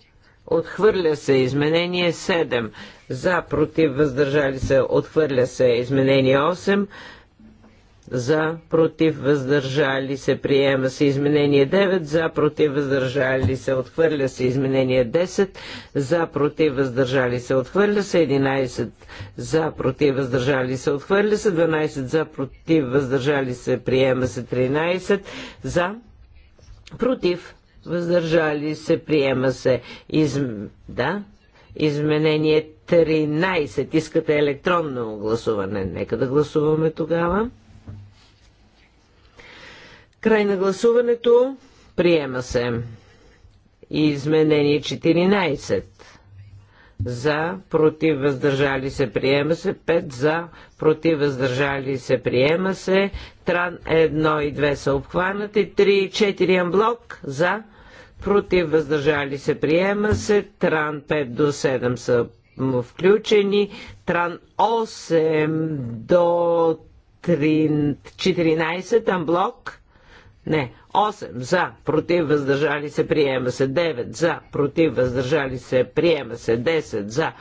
Отхвърля се изменение 7. За, против, въздържали се, отхвърля се изменение 8 за, против, въздържали се, приема се изменение 9, за, против, въздържали се, отхвърля се изменение 10, за, против, въздържали се, отхвърля се 11, за, против, въздържали се, отхвърля се 12, за, против, въздържали се, приема се 13, за, против, въздържали се, приема се, из... да, изменение 13. Искате електронно гласуване. Нека да гласуваме тогава. Край на гласуването. Приема се. Изменение 14. За, против, въздържали се, приема се. 5 за, против, въздържали се, приема се. Тран 1 и 2 са обхванати. 3 и 4 амблок. За, против, въздържали се, приема се. Тран 5 до 7 са включени. Тран 8 до 3, 14 амблок. Не. 8 за, против, въздържали се, приема се. 9 за, против, въздържали се, приема се. 10 за,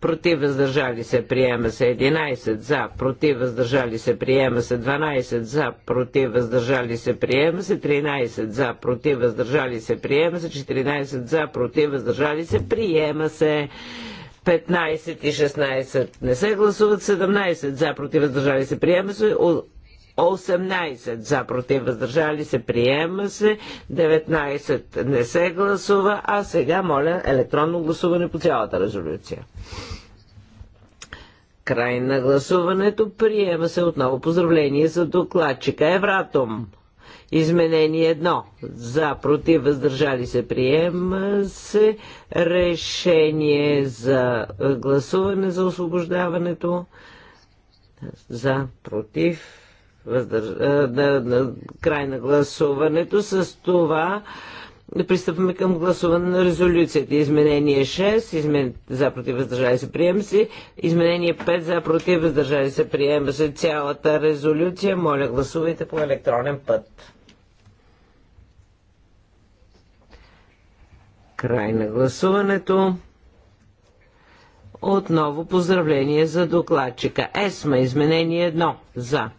против, въздържали се, приема се. 11 за, против, въздържали се, приема се. 12 за, против, въздържали се, приема се. 13 за, против, въздържали се, приема се. 14 за, против, въздържали се, приема се. 15 и 16 не се гласуват, 17 за, против, въздържали се, приема се, 18 за против въздържали се, приема се, 19 не се гласува, а сега моля електронно гласуване по цялата резолюция. Край на гласуването приема се отново поздравление за докладчика Евратом. Изменение едно. За, против, въздържали се, приема се решение за гласуване за освобождаването. За, против, въздърж... Е, на, на край на гласуването. С това пристъпваме към гласуване на резолюцията. Изменение 6, измен... за против въздържали се, приема се. Изменение 5, за против въздържали се, приема се. Цялата резолюция, моля гласувайте по електронен път. Край на гласуването. Отново поздравление за докладчика. ЕСМА, изменение 1, за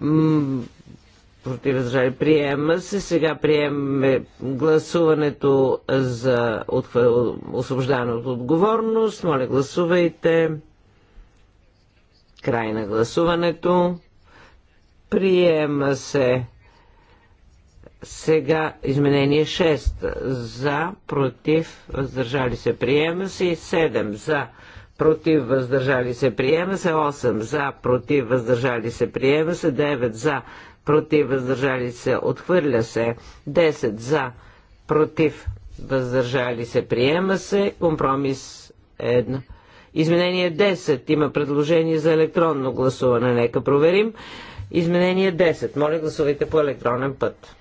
против приема се. Сега приемаме гласуването за освобождане от отговорност. Моля, гласувайте. Край на гласуването. Приема се сега изменение 6 за, против, въздържали се, приема се и 7 за, против въздържали се приема се 8 за, против въздържали се приема се 9 за, против въздържали се отхвърля се 10 за, против въздържали се приема се компромис 1. Изменение 10 има предложение за електронно гласуване. Нека проверим. Изменение 10. Моля гласувайте по електронен път.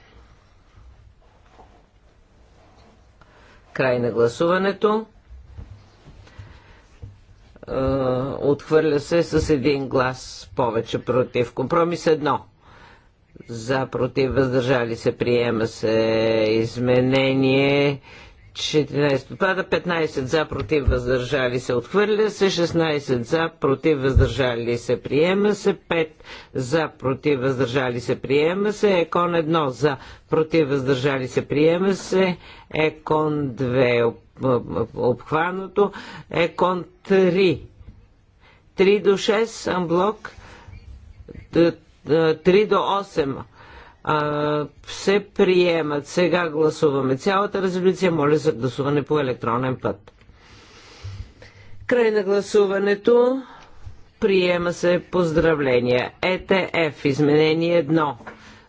Край на гласуването. Е, отхвърля се с един глас повече против. Компромис едно. За против въздържали се приема се изменение 14 отпада, 15 за, против, въздържали се, отхвърля се, 16 за, против, въздържали се, приема се, 5 за, против, въздържали се, приема се, Екон 1 за, против, въздържали се, приема се, Екон 2 обхванато, Екон 3 3 до 6 амблок, 3 до 8 а, се приемат. Сега гласуваме цялата резолюция. Моля за гласуване по електронен път. Край на гласуването. Приема се поздравления. ЕТФ. Изменение едно.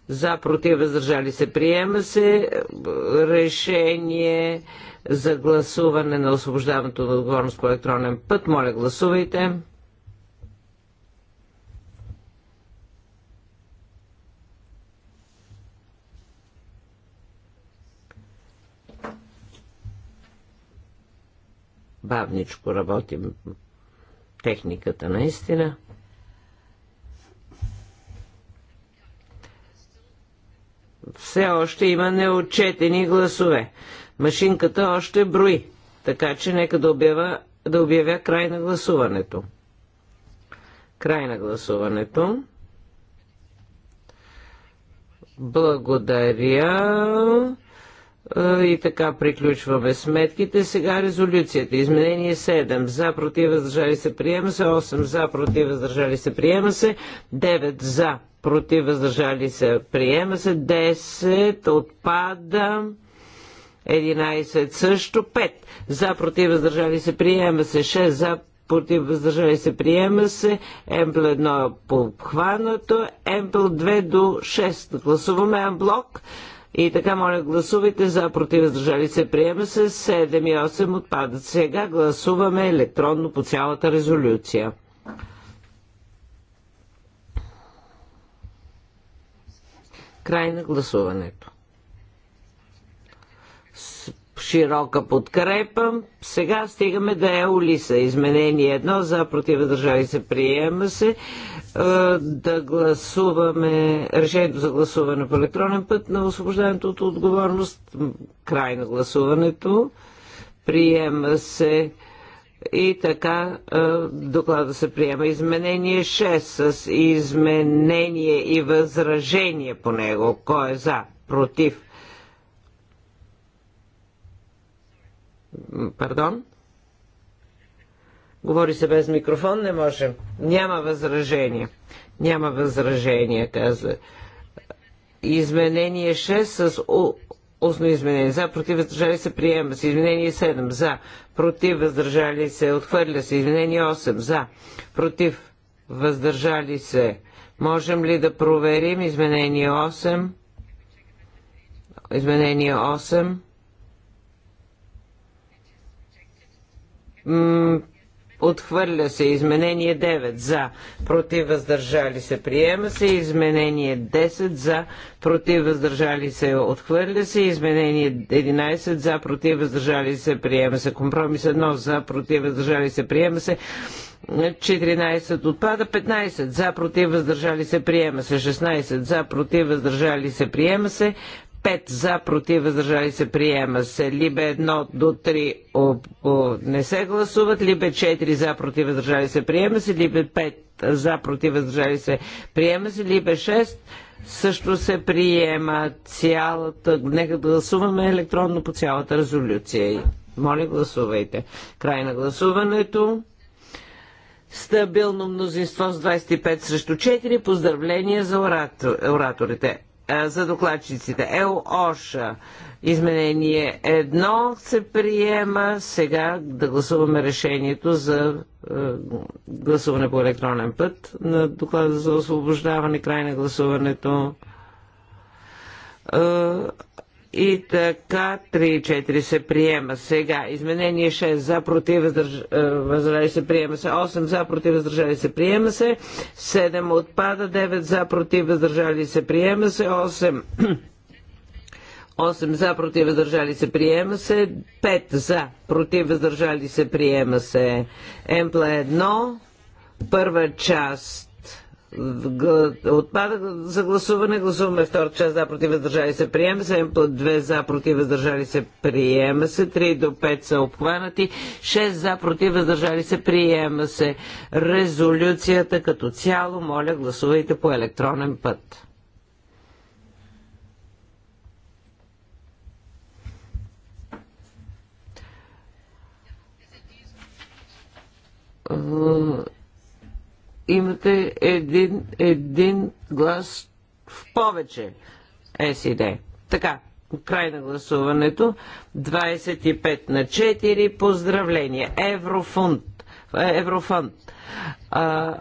За, против, въздържали се. Приема се е, решение за гласуване на освобождаването на отговорност по електронен път. Моля, гласувайте. бавничко работим техниката наистина. Все още има неотчетени гласове. Машинката още брои, така че нека да обявя, да обявя край на гласуването. Край на гласуването. Благодаря. И така приключваме сметките. Сега резолюцията. Изменение 7. За, против, въздържали се, приема се. 8. За, против, въздържали се, приема се. 9. За, против, въздържали се, приема се. 10. Отпада. 11 също, 5 за против въздържали се приема се, 6 за против въздържали се приема се, Емпл 1 е похванато, Емпл 2 до 6. Гласуваме Амблок. блок и така, моля, гласувайте за, против, въздържали се, приема се, 7 и 8 отпадат. Сега гласуваме електронно по цялата резолюция. Край на гласуването широка подкрепа. Сега стигаме да е Изменение едно за против държави се приема се. Е, да гласуваме решението за гласуване по електронен път на освобождането от отговорност. Край на гласуването. Приема се и така е, доклада се приема изменение 6 с изменение и възражение по него. Кой е за? Против? Пардон? Говори се без микрофон, не можем. Няма възражение. Няма възражение, каза. Изменение 6 с устно изменение. За, против, въздържали се, приема се. Изменение 7. За, против, въздържали се, отхвърля се. Изменение 8. За, против, въздържали се. Можем ли да проверим изменение 8? Изменение 8. Отхвърля се изменение 9 за, против въздържали се, приема се изменение 10 за, против въздържали се, отхвърля се изменение 11 за, против въздържали се, приема се компромис 1 за, против въздържали се, приема се 14 отпада, 15 за, против въздържали се, приема се 16 за, против въздържали се, приема се 5 за, против, въздържали се, приема се. Либе 1 до 3 не се гласуват. Либе 4 за, против, въздържали се, приема се. Либе 5 за, против, въздържали се, приема се. Либе 6 също се приема цялата... Нека да гласуваме електронно по цялата резолюция. Моля, гласувайте. Край на гласуването. Стабилно мнозинство с 25 срещу 4. Поздравления за оратор... ораторите за докладчиците. Ел Оша. Изменение едно се приема. Сега да гласуваме решението за е, гласуване по електронен път на доклада за освобождаване. Край на гласуването. Е, и така 3 4 се приема. Сега изменение 6 за против въздърж... Е, въздържали се приема се. 8 за против въздържали се приема се. 7 отпада. 9 за против въздържали се приема се. 8 8 за против въздържали се приема се. 5 за против въздържали се приема се. Емпла 1. Първа част Отпада за гласуване. Гласуваме втора част за против въздържали се. Приема се. по плюс 2 за против въздържали се. Приема се. 3 до 5 са обхванати. 6 за против въздържали се. Приема се. Резолюцията като цяло. Моля, гласувайте по електронен път. Uh имате един, един глас в повече СИД. Така, край на гласуването. 25 на 4. Поздравления. Еврофунт. Еврофунт. А,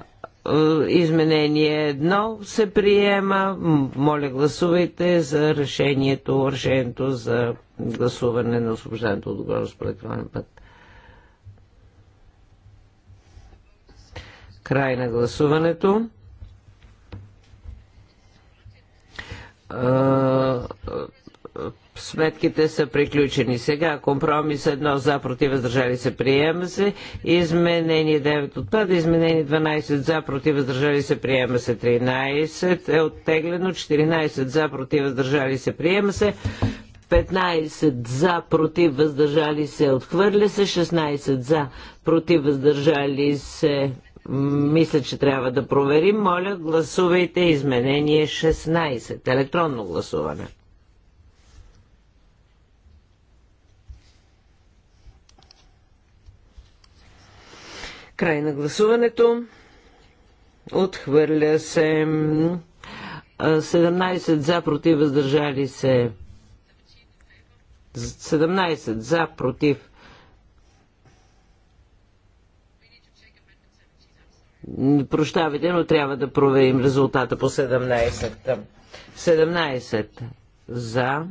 изменение едно се приема. Моля, гласувайте за решението, решението за гласуване на освобождането от отговорност по електронен път. Край на гласуването. сметките са приключени. Сега компромис едно за, против, въздържали се, приема се. Изменение 9 отпада, изменение 12 за, против, въздържали се, приема се. 13 е оттеглено, 14 за, против, въздържали се, приема се. 15 за, против, въздържали се, отхвърля се. 16 за, против, въздържали се, мисля, че трябва да проверим. Моля, гласувайте изменение 16. Електронно гласуване. Край на гласуването. Отхвърля се 17 за, против, въздържали се 17 за, против, Прощавайте, но трябва да проверим резултата по 17. 17 за.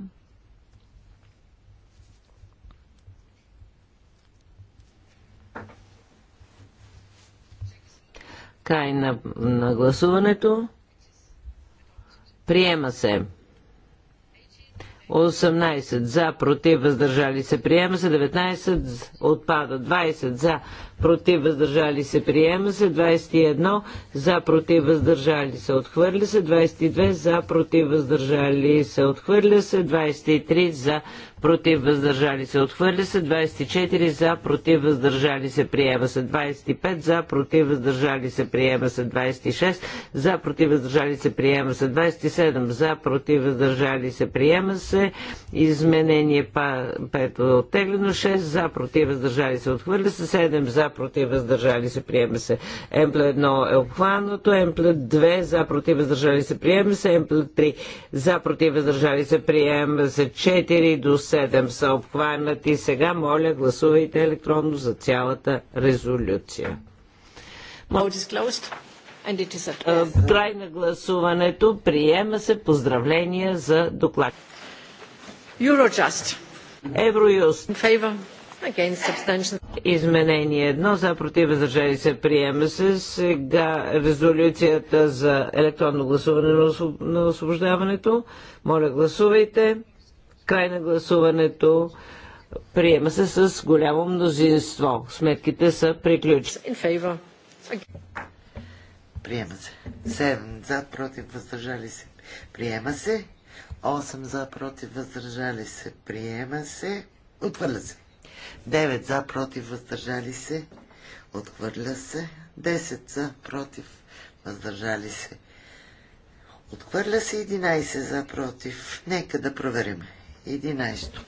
Край на, на гласуването. Приема се. 18 за, против, въздържали се. Приема се. 19 отпада. 20 за, против въздържали се, приема се, 21 за, против въздържали се, отхвърля се, 22 за, против въздържали се, отхвърля се, 23 за, против въздържали се, отхвърля се, 24 за, против въздържали се, приема се, 25 за, против въздържали се, приема се, 26 за, против въздържали се, приема се, 27 за, против въздържали се, приема се, изменение 5 е оттеглено, 6 за, против въздържали се, отхвърля се, 7 за, против, въздържали се, приема се. Емпле 1 е обхванато, Емпле 2 за, против, въздържали се, приема се. Емпле 3 за, против, въздържали се, приема се. 4 до 7 са обхванати. Сега, моля, гласувайте електронно за цялата резолюция. Е, край на гласуването. Приема се поздравления за доклад. Eurojust. Евроюст. In favor. Изменение едно за против въздържали се приема се. Сега резолюцията за електронно гласуване на освобождаването. Моля гласувайте. Край на гласуването. Приема се с голямо мнозинство. Сметките са приключени. Приема се. 7 за против въздържали се. Приема се. 8 за против въздържали се. Приема се. Отвърля се. 9 за, против, въздържали се. Отхвърля се. 10 за, против, въздържали се. Отхвърля се 11 за, против. Нека да проверим. 11.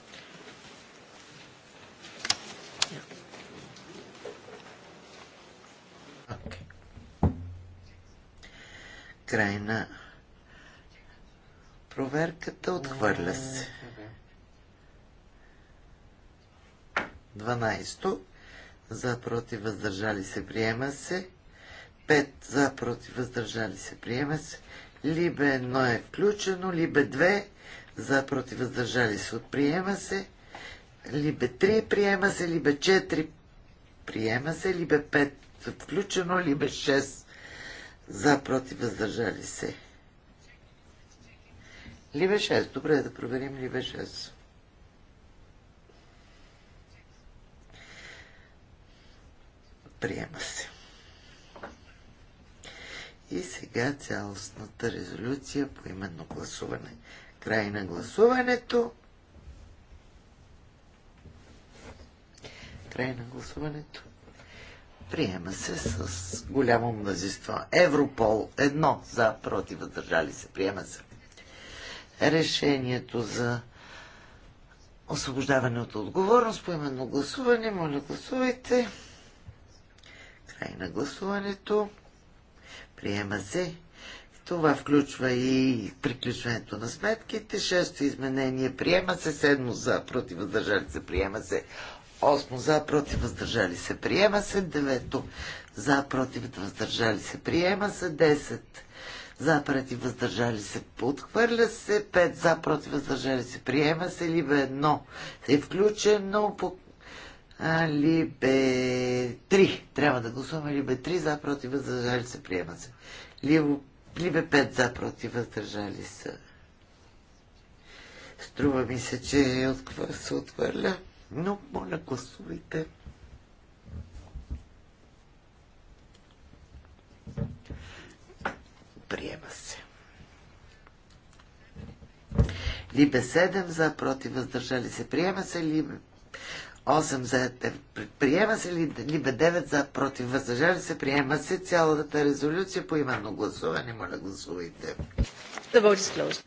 Край на проверката. Отхвърля се. 12 за против въздържали се приема се. 5 за против въздържали се приема се. Либе 1 е включено, либе 2 за против въздържали се приема се. Либе 3 приема се, либе 4 приема се, либе 5 включено, либе 6 за против въздържали се. Либе 6. Добре, да проверим Либе 6. Приема се. И сега цялостната резолюция по именно гласуване. Край на гласуването. Край на гласуването. Приема се с голямо мнозинство. Европол едно за против въздържали се. Приема се. Решението за освобождаване от отговорност по именно гласуване. Моля, гласувайте. Край на гласуването. Приема се. Това включва и приключването на сметките. Шесто изменение приема се. Седмо за против въздържали се приема се. Осмо за против въздържали се приема се. Девето за против въздържали се приема се. Десет за против въздържали се подхвърля се. Пет за против въздържали се приема се. Либо едно е включено по Либе 3. Трябва да гласуваме Либе 3 за, против, въздържали се, приема се. Либо, либе 5 за, против, въздържали се. Струва ми се, че е отхвър, се отвърля. но моля гласувайте. Приема се. Либе 7 за, против, въздържали се, приема се. Либе 8 за приема се, либо 9 за против въздържали се, приема се цялата резолюция по именно гласуване. Моля, гласувайте.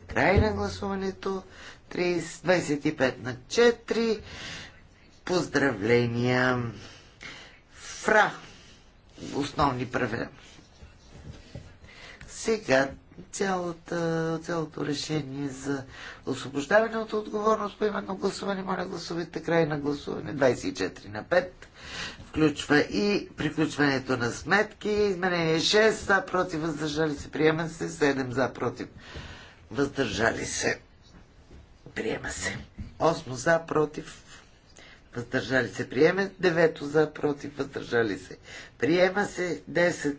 Край на гласуването. 30, 25 на 4. Поздравления. ФРА. Основни правила. Сега цялата, цялото решение за освобождаване от отговорност по именно гласуване. Моля гласувайте край на гласуване 24 на 5. Включва и приключването на сметки. Изменение 6 за против въздържали се. Приема се 7 за против въздържали се. Приема се. 8 за против въздържали се. Приема 9 за против въздържали се. Приема се 10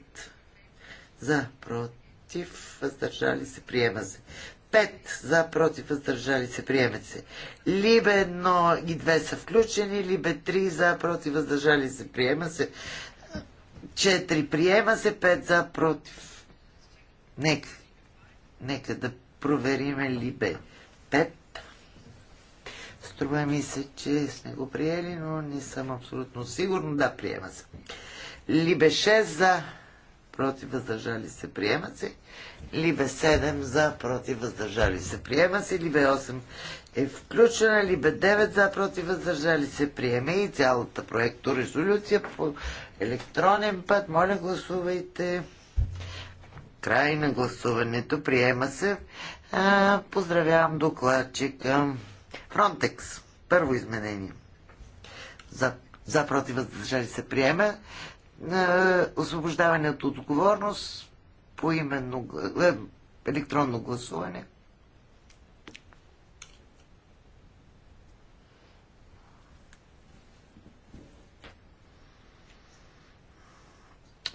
за против против, въздържали се, приема се. 5 за, против, въздържали се, приемат се. Либе 1 и 2 са включени, либе 3 за, против, въздържали се, приема се. 4 приема се, 5 за, против. Нека, нека да провериме либе 5. Струва ми се, че сме го приели, но не съм абсолютно сигурна. Да, приема се. Либе 6 за, против, въздържали се, приема се. Либе 7 за, против, въздържали се, приема се. Либе 8 е включена. Либе 9 за, против, въздържали се, приема и цялата проекто резолюция по електронен път. Моля, гласувайте. Край на гласуването. Приема се. А, поздравявам докладчика. Фронтекс. Първо изменение. За, за против, въздържали се, приема. На освобождаване от отговорност по именно е, електронно гласуване.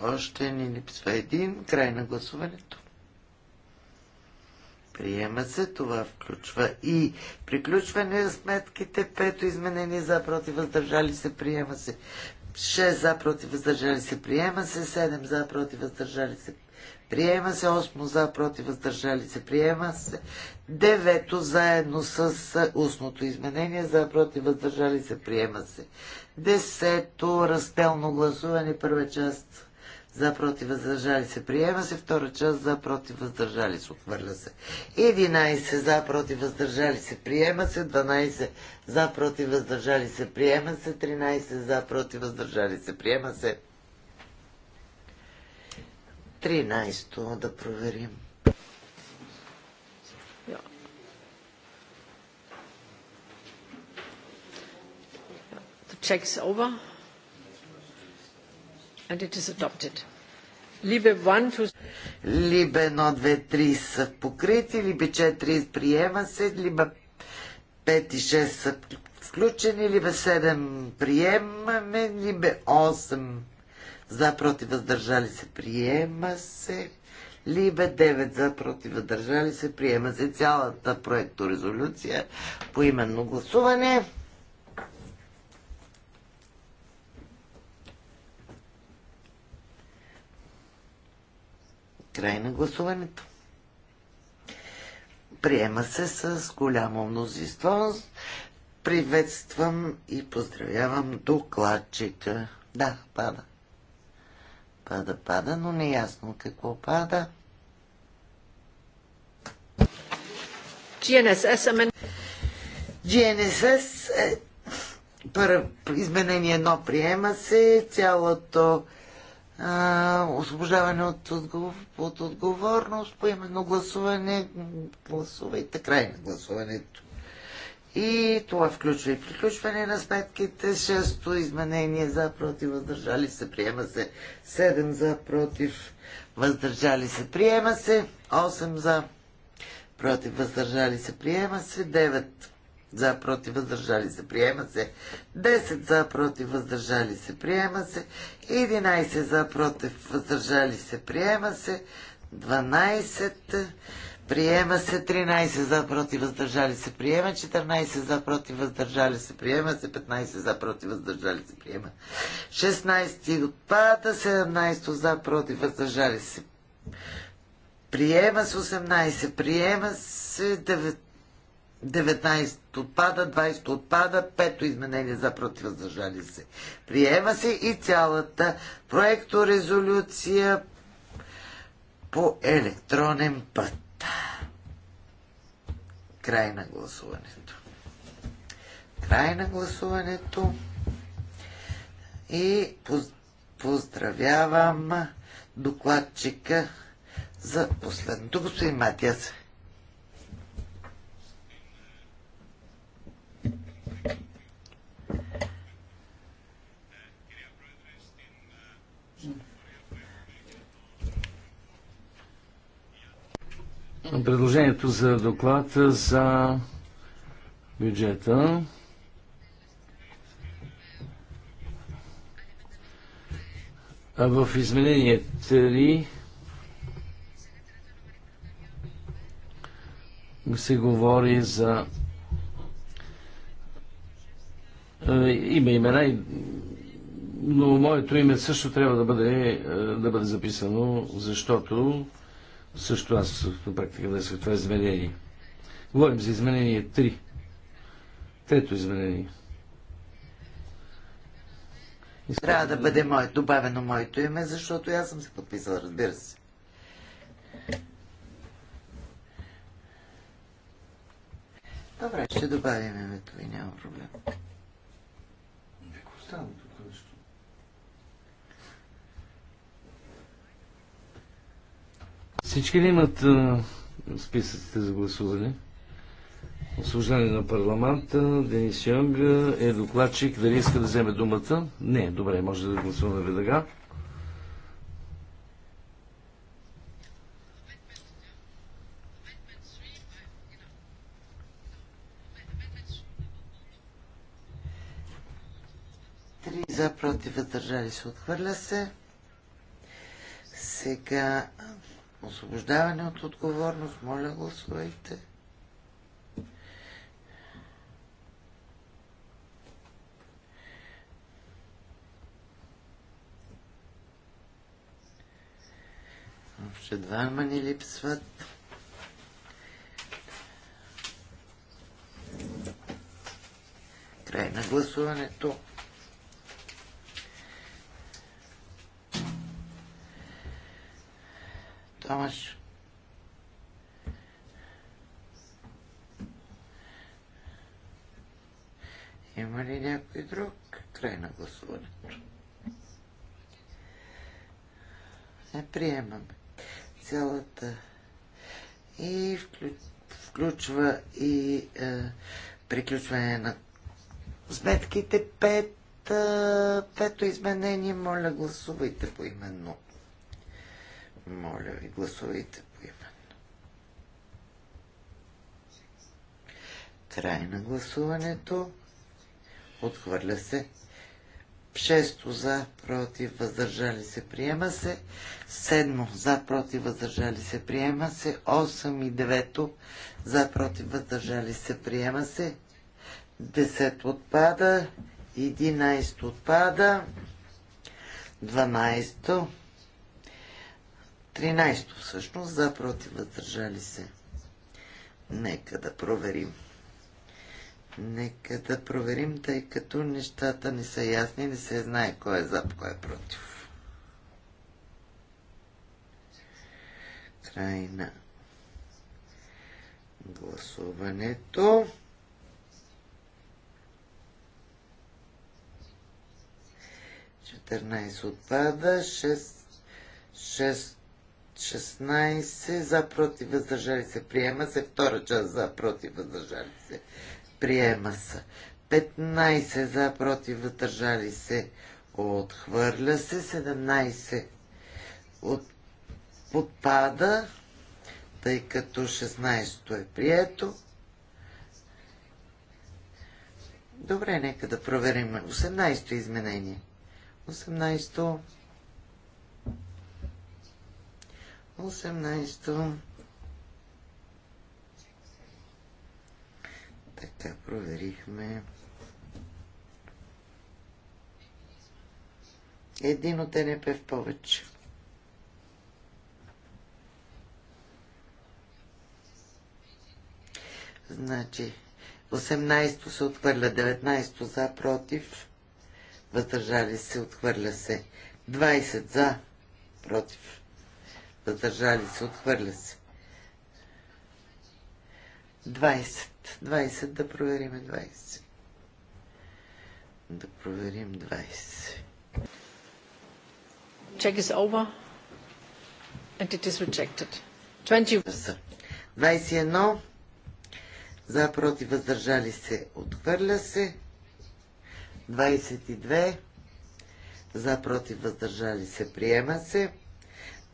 Още ни липсва един. Край на гласуването. Приема се. Това включва и приключване на сметките. Пето изменение за против въздържали се. Приема се. 6 за против въздържали се приема се, 7 за против въздържали се приема се, 8 за против въздържали се приема се, 9 заедно с устното изменение за против въздържали се приема се. 10 разделно гласуване първа част за против въздържали се приема се, втора част за против въздържали се Отвърля се. 11 за против въздържали се приема се, 12 за против въздържали се приема се, 13 за против въздържали се приема се. 13 да проверим. is over and it is adopted. Либе 1 to... Либе 1, 2, 3 са покрити, либе 4 приема се, либе 5 и 6 са включени, либе 7 приемаме, либе 8 за против въздържали се приема се, либе 9 за против въздържали се приема се цялата проекторезолюция по именно гласуване. Край на гласуването. Приема се с голямо мнозинство. Приветствам и поздравявам докладчика. Да, пада. Пада, пада, но неясно е какво пада. GNSS, GNSS е, изменение едно приема се, цялото а, освобождаване от, отговор, от отговорност, по именно гласуване, гласувайте край на гласуването. И това включва и приключване на сметките, шесто изменение за против, въздържали се, приема се, седем за против, въздържали се, приема се, осем за против, въздържали се, приема се, девет за против въздържали се, приема се. 10 за против въздържали се, приема се. 11 за против въздържали се, приема се. 12 Приема се 13 за против въздържали се приема, 14 за против въздържали се приема, се 15 за против въздържали се приема, 16 отпада, 17 за против въздържали се приема, се 18 приема, се 19 19 отпада, 20 отпада, 5 изменение за противозажали се. Приема се и цялата проекторезолюция по електронен път. Край на гласуването. Край на гласуването. И поздравявам докладчика за последното. Господин Матиас. предложението за доклад за бюджета. А в изменение 3 се говори за е, има имена, но моето име също трябва да бъде, е, да бъде записано, защото също аз на практика да се това изменение. Говорим за изменение 3. Трето изменение. Трябва да бъде мое, добавено моето име, защото аз съм се подписал, разбира се. Добре, ще добавим името и няма проблем. Какво става? Всички ли имат а, списъците за гласуване? Освобождане на парламента, Денис Йонг е докладчик, дали иска да вземе думата? Не, добре, може да гласуваме веднага. Три за, против, въздържали се, отхвърля се. Сега освобождаване от отговорност. Моля, гласувайте. Още двама ни липсват. Край на гласуването. помощ. Има ли някой друг? Край на гласуването. Не приемаме цялата и включва и е, приключване на сметките. Пет, е, пето изменение, моля гласувайте поименно. Моля ви, гласувайте по именно. Край на гласуването. Отхвърля се. Шесто за, против, въздържали се, приема се. Седмо за, против, въздържали се, приема се. Осем и девето за, против, въздържали се, приема се. Десет отпада. Единайсто отпада. Дванайсто. 13 всъщност, за против въздържали се. Нека да проверим. Нека да проверим, тъй като нещата не са ясни, не се знае кой е за, кой е против. Край на гласуването. Четирнайсет отпада, шест, 6 16 за против въздържали се приема се. Втора част за против въздържали се приема се. 15 за против въздържали се отхвърля се. 17 от подпада, тъй като 16-то е прието. Добре, нека да проверим 18-то изменение. 18-то 18. Така, проверихме. Един от НП в повече. Значи, 18 то се отхвърля, 19 за, против, въздържали се, отхвърля се, 20 за, против, въздържали се, отхвърля се. 20. 20 да проверим 20. Да проверим 20. Check is over and it is rejected. 20. 21. За, против, въздържали се, отхвърля се. 22. За, против, въздържали се, приема се.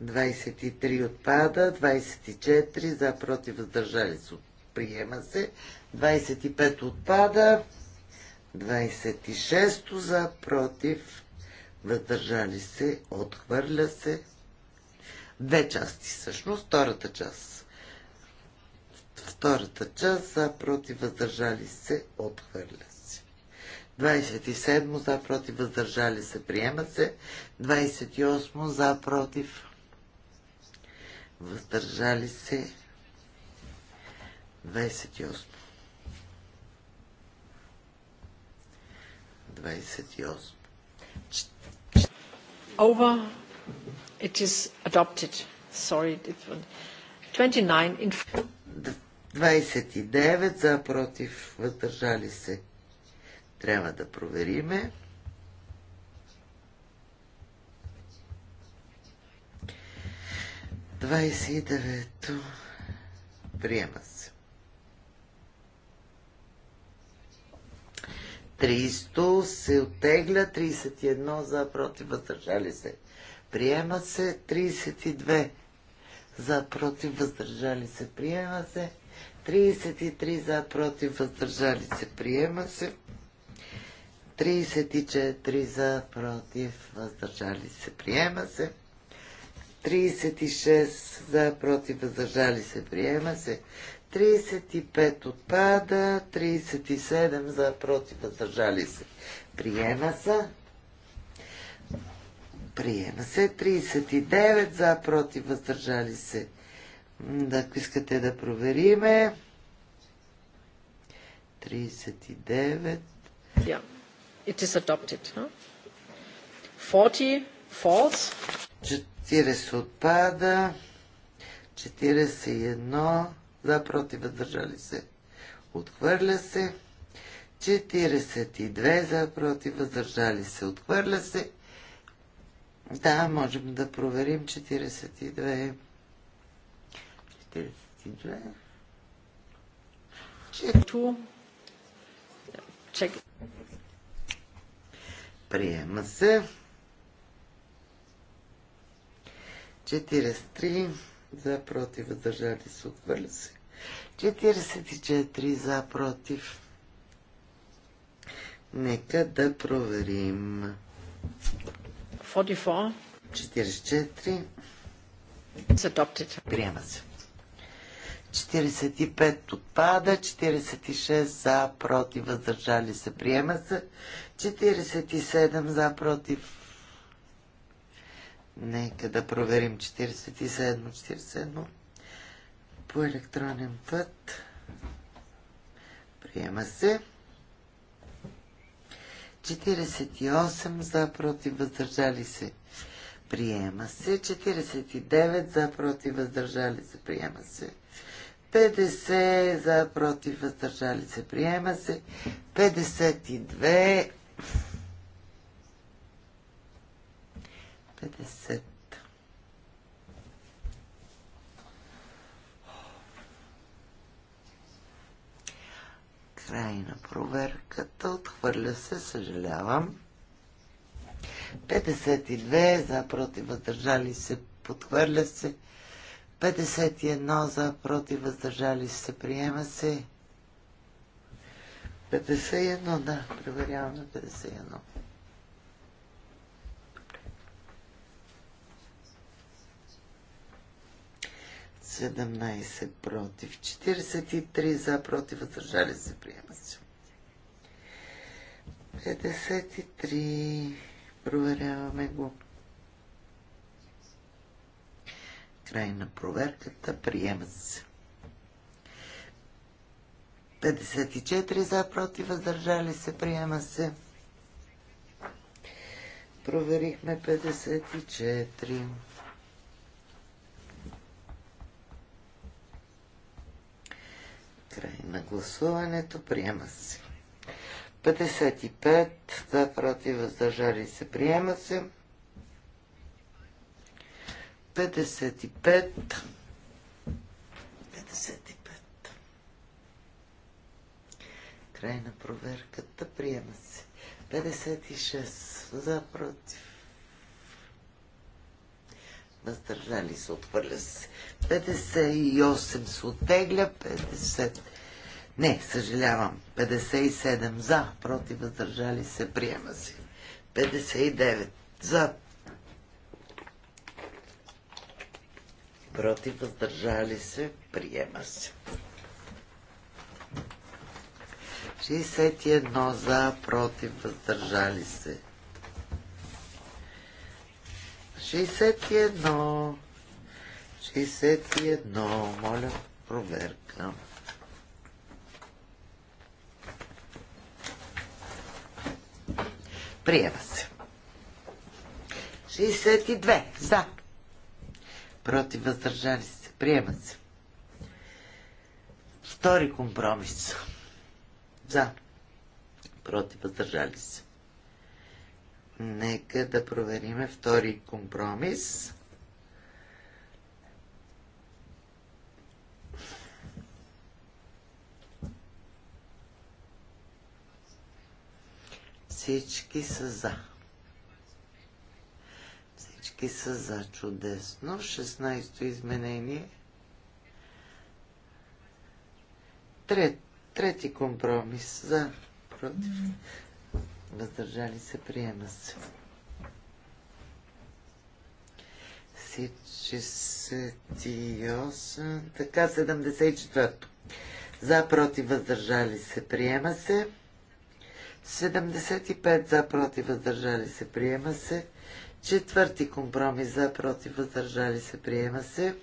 23 отпада, 24 за против въздържали се приема се, 25 отпада, 26 за против въздържали се, отхвърля се. Две части всъщност, втората част. Втората част за против въздържали се, отхвърля се. 27 за против въздържали се, приема се. 28 за против въздържали се 28. 28. Over. It is adopted. Sorry. It 29 in... 29 за против въздържали се. Трябва да провериме. 29-то приема се. 300 се оттегля, 31 за против въздържали се. Приема се 32 за против въздържали се. Приема се 33 за против въздържали се. Приема се 34 за против въздържали се. Приема се. 36 за, против, въздържали се, приема се. 35 отпада, 37 за, против, въздържали се, приема се. Приема се. 39 за, против, въздържали се. Да, ако искате да провериме. 39. Yeah. It is adopted. Huh? 40 false. 40 отпада. 41 за против въздържали се. Отхвърля се. 42 за против въздържали се. Отхвърля се. Да, можем да проверим 42. 42. Чето. Чек. Приема се. 43 за против, въздържали се, отвърли се. 44 за против. Нека да проверим. 44. 44. Приема се. 45 отпада, 46 за, против, въздържали се, приема се, 47 за, против, Нека да проверим 47, 47 по електронен път. Приема се. 48 за против въздържали се. Приема се. 49 за против въздържали се. Приема се. 50 за против въздържали се. Приема се. 52 50. Край на проверката. Отхвърля се, съжалявам. 52 за против въздържали се. Подхвърля се. 51 за против въздържали се. Приема се. 51, да. Проверяваме 51. 17 против, 43 за против, въздържали се, приема се. 53. Проверяваме го. Край на проверката. Приема се. 54 за против, въздържали се, приема се. Проверихме 54. Край на гласуването. Приема се. 55 за против въздържали се. Приема се. 55 55 Край на проверката. Приема се. 56 за против. Въздържали се. отвърля се. 58 се отегля, 50 не, съжалявам. 57 за, против, въздържали се, приема се. 59 за, против, въздържали се, приема се. 61 за, против, въздържали се. 61 61 моля проверка. Приема се. 62. За. Против. Въздържали се. Приема се. Втори компромис. За. Против. Въздържали се. Нека да провериме втори компромис. Всички са за. Всички са за. Чудесно. 16-то изменение. Трет, трети компромис. За. Против. Въздържали се. Приема се. така 74-то. За, против, въздържали се, приема се. 75 за против въздържали се приема се. Четвърти компромис за против въздържали се приема се.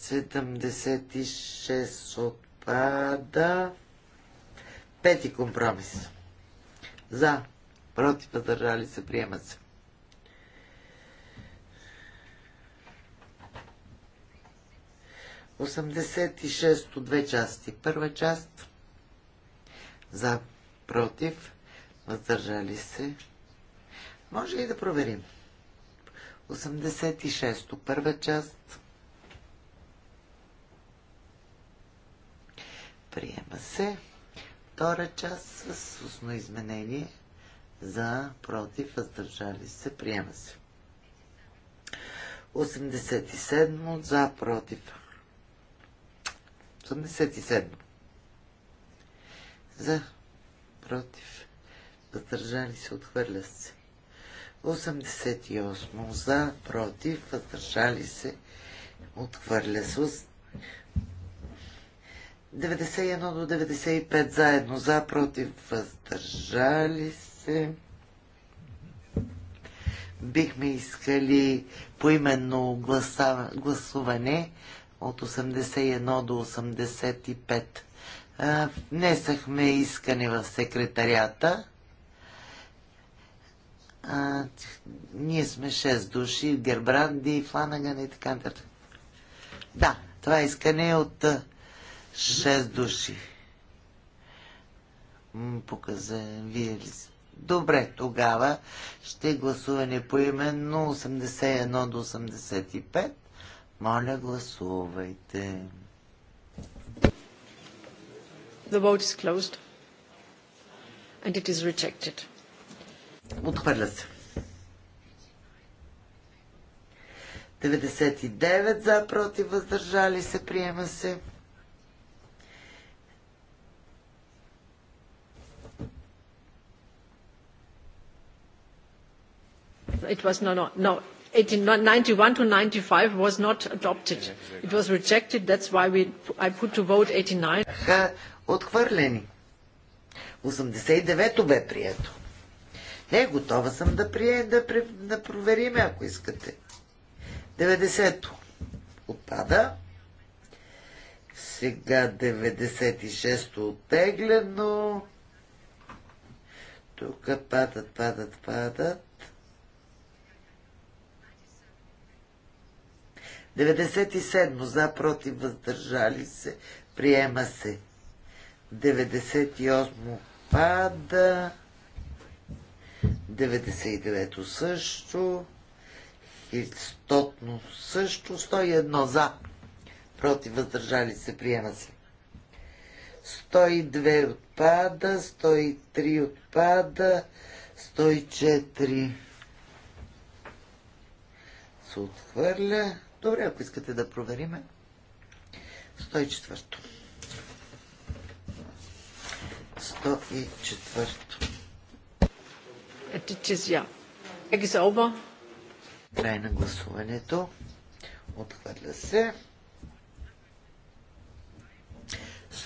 76 отпада. Пети компромис. За против въздържали се приема се. Осемдесет и шесто две части. Първа част за, против, въздържали се. Може и да проверим? 86-то, първа част. Приема се. Втора част с устно изменение за, против, въздържали се. Приема се. 87 за, против. 87 за. Против. Въздържали се. Отхвърля се. 88. За. Против. Въздържали се. Отхвърля се. 91 до 95 заедно. За. Против. Въздържали се. Бихме искали поименно гласа, гласуване от 81 до 85 внесахме искане в секретарията. А, ние сме 6 души, Гербранди, Фланаган и така нататък. Да, това искане е от 6 души. Показа, вие ли сте? Добре, тогава ще гласуване по именно 81 до 85. Моля, гласувайте. The vote is closed. And it is rejected. Отхвърля се. 99 за, против, въздържали се, приема се. It was no, no, no ninety to 95 was not adopted. It was rejected. That's why we, I put to vote 89. Отхвърлени. 89-то бе прието. Не, готова съм да, прие, да, да проверим, ако искате. 90-то. Отпада. Сега 96-то оттеглено. Тук падат, падат, падат. 97 за против въздържали се. Приема се. 98 пада. 99 също. 100 също. 101 за против въздържали се. Приема се. 102 отпада, 103 отпада, 104 се отхвърля, Добре, ако искате да провериме. 104. 104. Ето, Край на гласуването. Отхвърля се.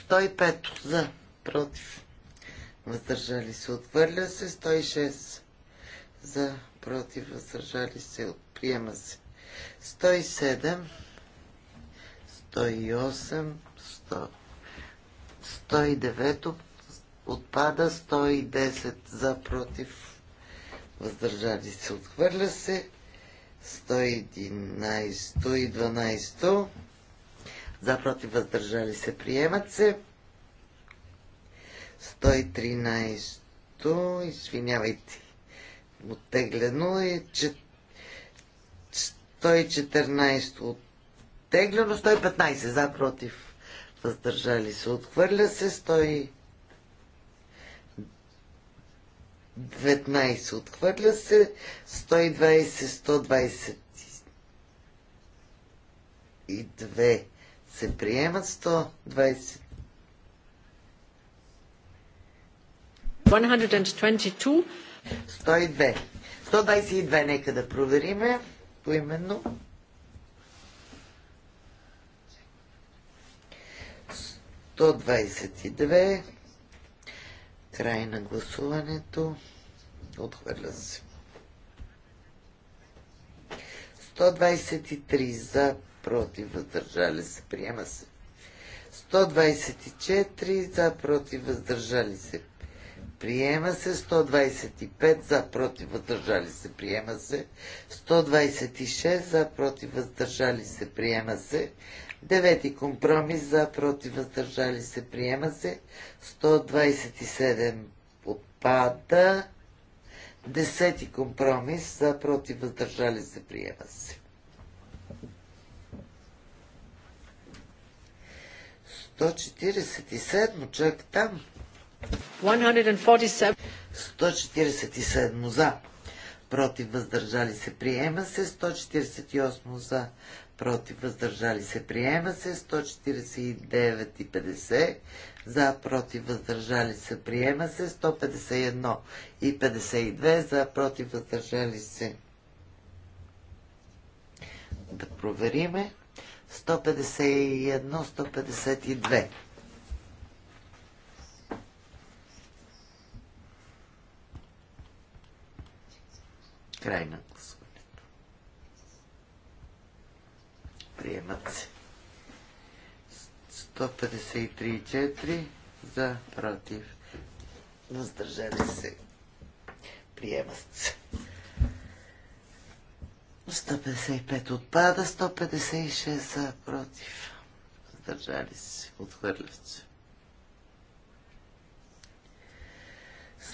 105 за, против. Въздържали се, отхвърля се. 106 за, против, въздържали се, приема се. 107, 108, 109 отпада, 110 за против, въздържали се, отхвърля се, 111, 112 за против, въздържали се, приемат се, 113 извинявайте, оттеглено е, че 114 оттеглено, 115 за, против, въздържали се, отхвърля се, 119 отхвърля се, 120, 120 и 2 се приемат, 120 122. 102. 122, нека да провериме поименно. Сто двадесет и две. Край на гласуването. Отхвърля се. 123 за, против, въздържали се, приема се. 124 за, против, въздържали се, Приема се 125 за против въздържали се. Приема се 126 за против въздържали се. Приема се. Девети компромис за против въздържали се. Приема се. 127 отпада. Десети компромис за против въздържали се. Приема се. 147 човек там. 147. за. Против въздържали се приема се. 148 за. Против въздържали се приема се. 149 и 50 за. Против въздържали се приема се. 151 и 52 за. Против въздържали се. Да провериме. 151, 152. Край на гласуването. Приемат се. 153,4 за против. Въздържали се. Приемат се. 155 отпада, 156 за против. Въздържали се. Отхвърлят се.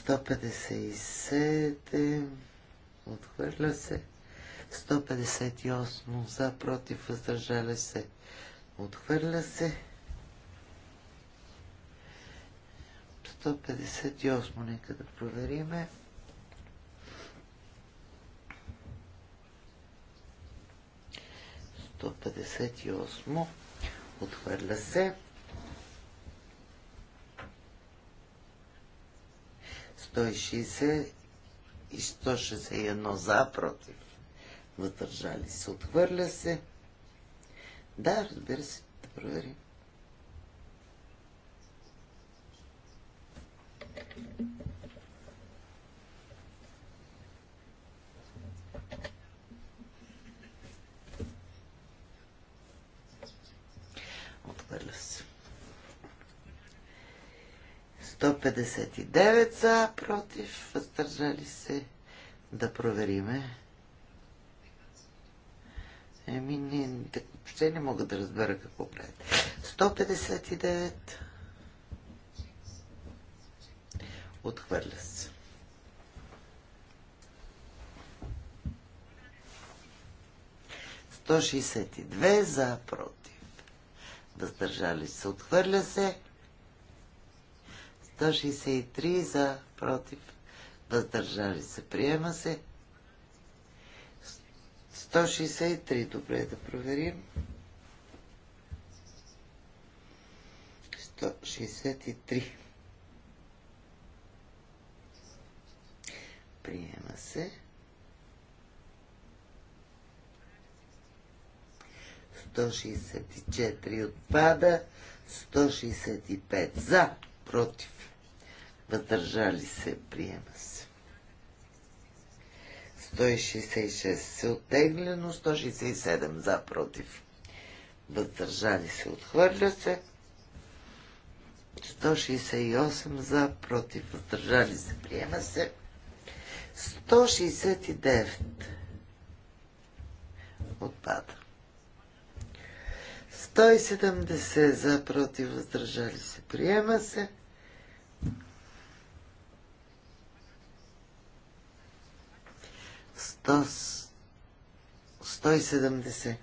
157 Отхвърля се. 158 за, против, въздържали се. Отхвърля се. 158, нека да провериме. Сто Отхвърля се. 160 и 161 за, против. Въздържали се. Отхвърля се. Да, разбира се. Да проверим. 159 за, против, въздържали се. Да провериме. Еми, не, въобще не мога да разбера какво правят. 159. Отхвърля се. 162 за, против. Въздържали се. Отхвърля се. 163 за против. Въздържали се. Приема се. 163. Добре да проверим. 163. Приема се. 164 отпада. 165 за. Против въздържали се, приема се. 166 се оттеглено, 167 за против. Въздържали се, отхвърля се. 168 за против, въздържали се, приема се. 169 отпада. 170 за против, въздържали се, приема се. 100, 170.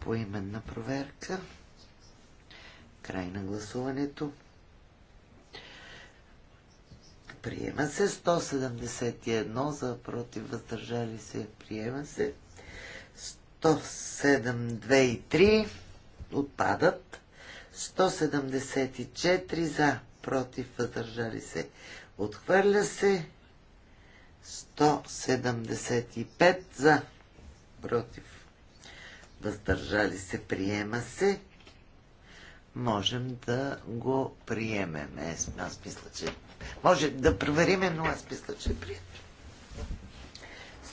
Поименна проверка. Край на гласуването. Приема се 171 за против въздържали се. Приема се 1723 и 3 отпадат. 174 за против въздържали се. Отхвърля се. 175 за. Против. Въздържали се. Приема се. Можем да го приемем. Аз, е, аз мисля, че... Може да провериме, но аз мисля, че е приемем.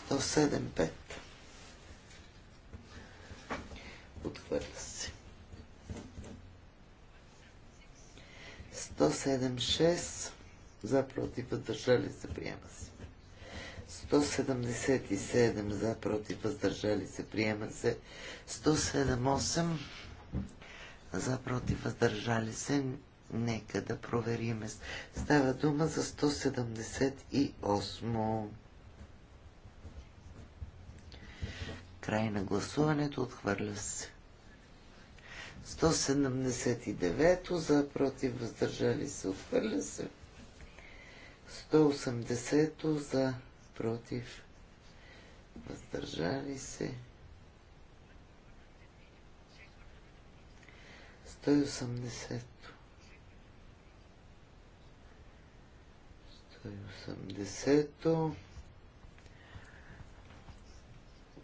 175. Отхвърля се. 176 за против въздържали се приема се. 177 за, против, въздържали се, приема се. 178 за, против, въздържали се. Нека да проверим. Става дума за 178. Край на гласуването отхвърля се. 179 за, против, въздържали се, отхвърля се. 180 за, против, въздържали се. 180. 180.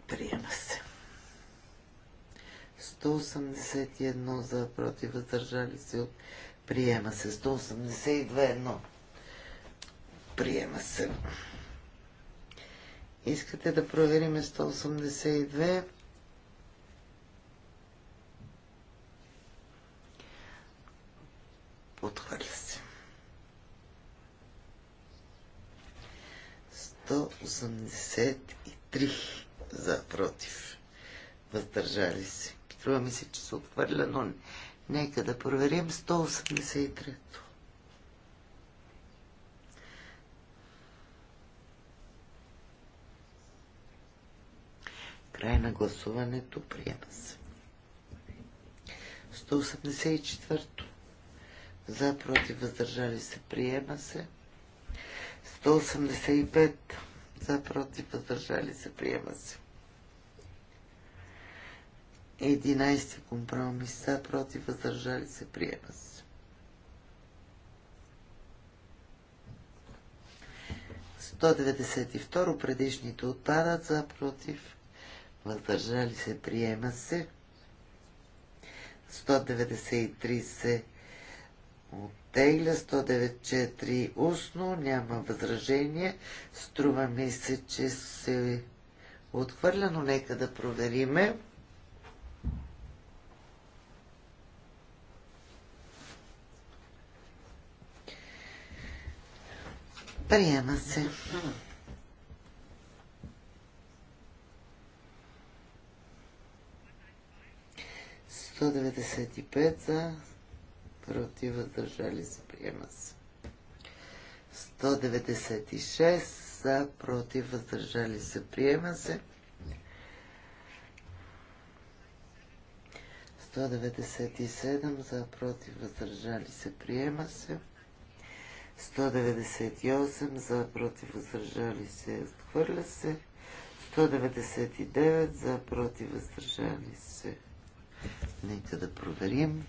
Приема се. 181 за против, въздържали се. Приема се. 182 едно. Приема се. Искате да проверим 182. Отхвърля се. 183 за против. Въздържали се. Струва ми се, че се отхвърля, но нека да проверим 183-то. Край на гласуването. Приема се. 184-то. За, против, въздържали се. Приема се. 185. За, против, въздържали се. Приема се. 11 компромис. За, против, въздържали се. Приема се. 192 предишните отпадат за против въздържали се, приема се. 193 се оттегля, 194 устно, няма възражение. Струва ми се, че се отхвърля, но нека да провериме. Приема се. 195 за, против, въздържали се, приема се. 196 за, против, въздържали се, приема се. 197 за, против, въздържали се, приема се. 198 за, против, въздържали се, отхвърля се. 199 за, против, въздържали се, Нека да проверим.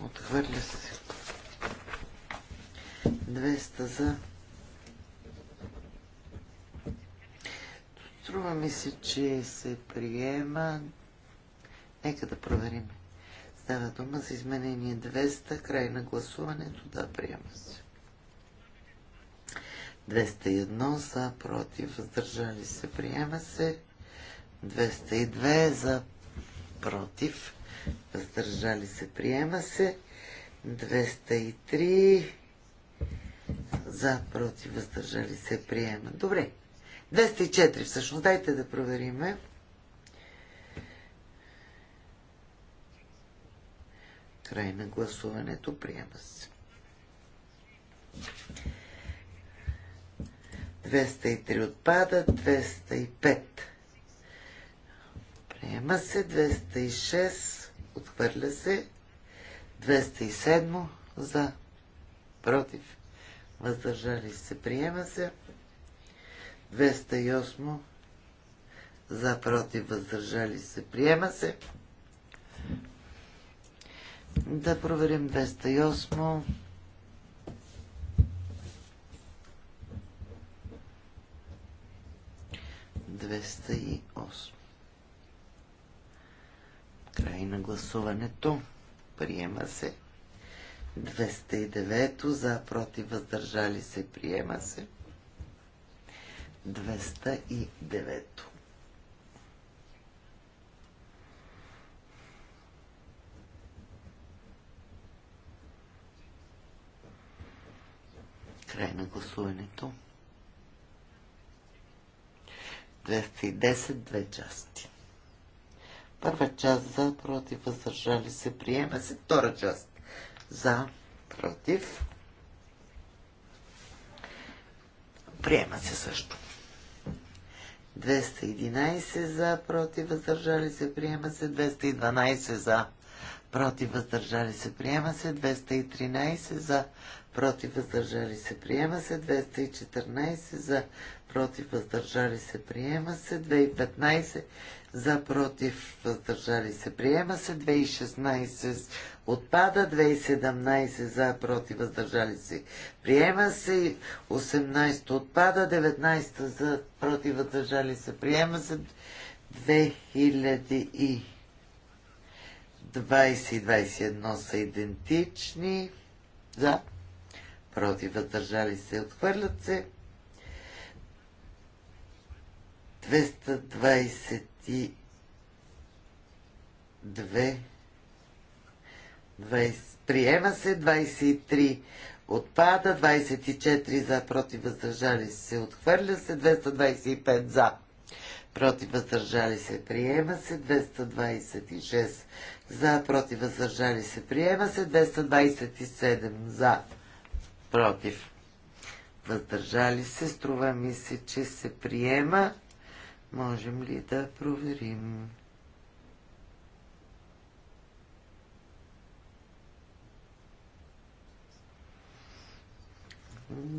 Отхвърля се. 200 за. Струва ми се, че се приема. Нека да проверим. Става дума за изменение 200, край на гласуването. Да, приема се. 201 за, против, въздържали се, приема се. 202 за, против, въздържали се, приема се. 203 за, против, въздържали се, приема. Добре. 204 всъщност. Дайте да провериме. Край на гласуването. Приема се. 203 отпада, 205 приема се, 206 отхвърля се, 207 за против въздържали се, приема се, 208 за против въздържали се, приема се. Да проверим 208. 208. Край на гласуването. Приема се. 209 за против въздържали се. Приема се. 209. Край на гласуването. 210, две части. Първа част за, против, въздържали се, приема се. Втора част за, против. Приема се също. 211 за, против, въздържали се, приема се. 212 за, против, въздържали се, приема се. 213 за, против, въздържали се, приема се. 214 за, против, въздържали се, приема се. 2015 за, против, въздържали се, приема се. 2016 отпада. 2017 за, против, въздържали се, приема се. 18 отпада. 19 за, против, въздържали се, приема се. 2000 и 20 и 21 са идентични. За. Против въздържали се. Отхвърлят се. 22. приема се 23 отпада 24 за против въздържали се отхвърля се 225 за против въздържали се приема се 226 за против въздържали се приема се 227 за против въздържали се струва ми се, че се приема Можем ли да проверим?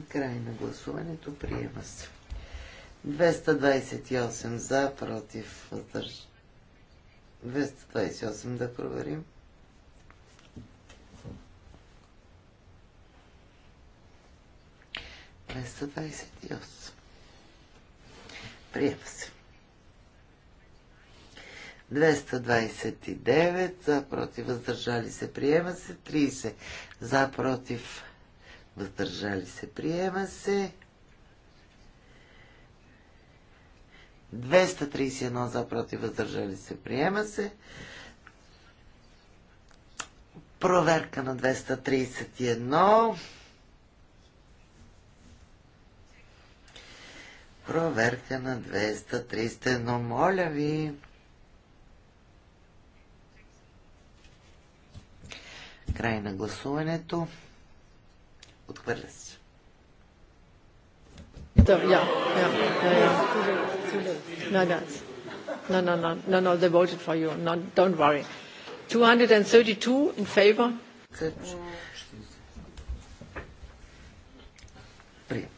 Край на гласуването. Приема се. 228 за, против, въздържа. 228 да проверим. Приема се. 229 за против въздържали се приема се 30 за против въздържали се приема се 231 за против въздържали се приема се проверка на 231 проверка на 231 моля ви Край на гласуването. Отхвърля се. Да, ja, ja, ja, ja. Nein, nein, nein, nein, nein, nein, they voted for you. No, don't worry. 232 in favor. Прием.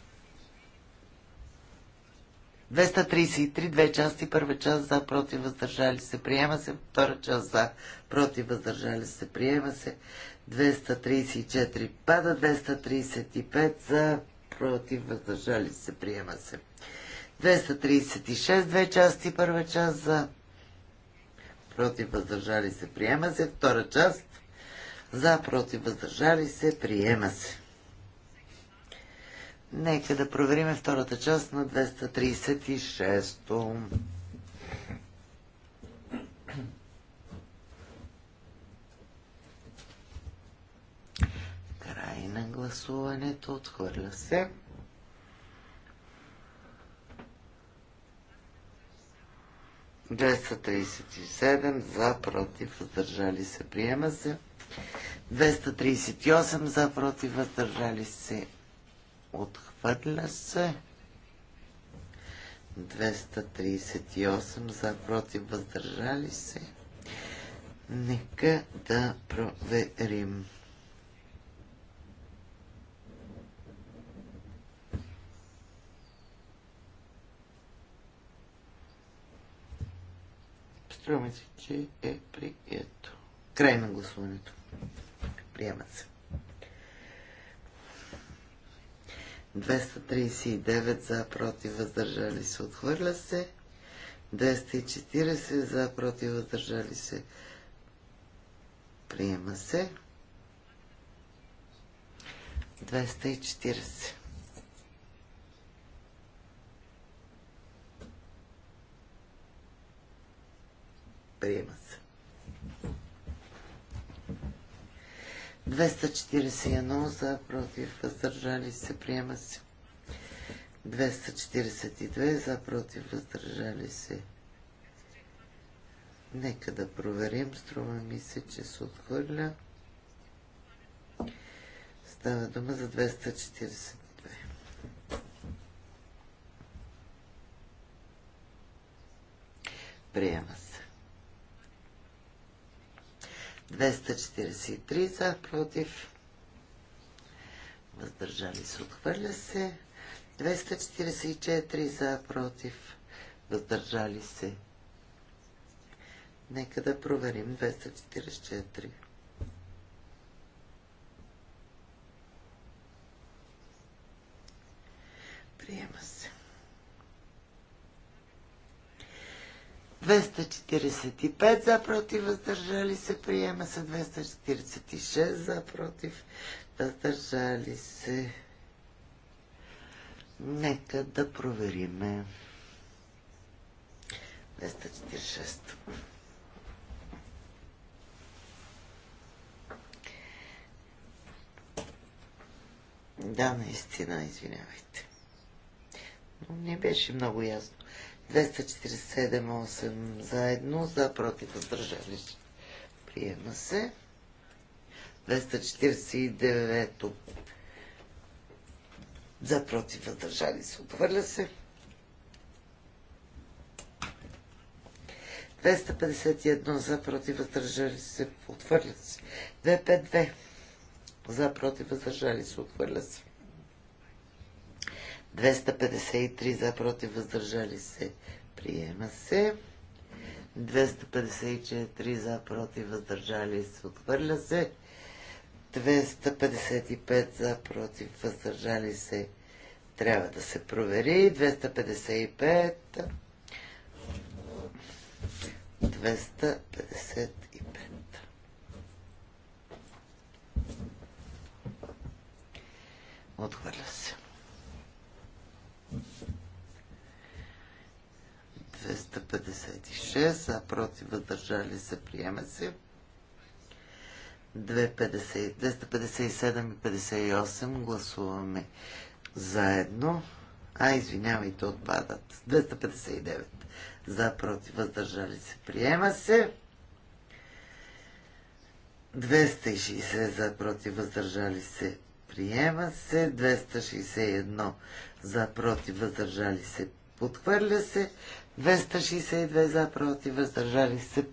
233, две части, първа част за, против, въздържали се, приема се, втора част за, против, въздържали се, приема се, 234 пада, 235 за, против, въздържали се, приема се. 236, две части, първа част за, против, въздържали се, приема се, втора част за, против, въздържали се, приема се. Нека да проверим втората част на 236-то. Край на гласуването. Отхвърля се. Двеста за, против, въздържали се, приема се. 238 за, против, въздържали се, Отхвърля се. 238 за против въздържали се. Нека да проверим. Струваме се, че е прието. Край на гласуването. Приема се. 239 за, против, въздържали се, отхвърля се. 240 за, против, въздържали се, приема се. 240. Приема се. 241 за против въздържали се приема се. 242 за против въздържали се. Нека да проверим. Струва ми се, че се отхвърля. Става дума за 242. Приема се. 243 за, против, въздържали се, отхвърля се. 244 за, против, въздържали се. Нека да проверим 244. Приема се. 245 за против, въздържали се. Приема се 246 за против, въздържали се. Нека да провериме. 246. Да, наистина, извинявайте. Но не беше много ясно. 247-8 заедно, за против въздържали се. Приема се. 249 за против въздържали се. Отвърля се. 251 за против въздържали се. Отвърля се. 252 за против въздържали се. Отвърля се. 253 за против въздържали се. Приема се. 254 за против въздържали се. Отхвърля се. 255 за против въздържали се. Трябва да се провери. 255. 255. Отхвърля се. 256 за против въздържали се приема се 257 и 58 гласуваме заедно а извинявайте отпадат 259 за против въздържали се приема се 260 за против въздържали се приема се 261 за против въздържали се Подхвърля се 262 за, против, въздържали се.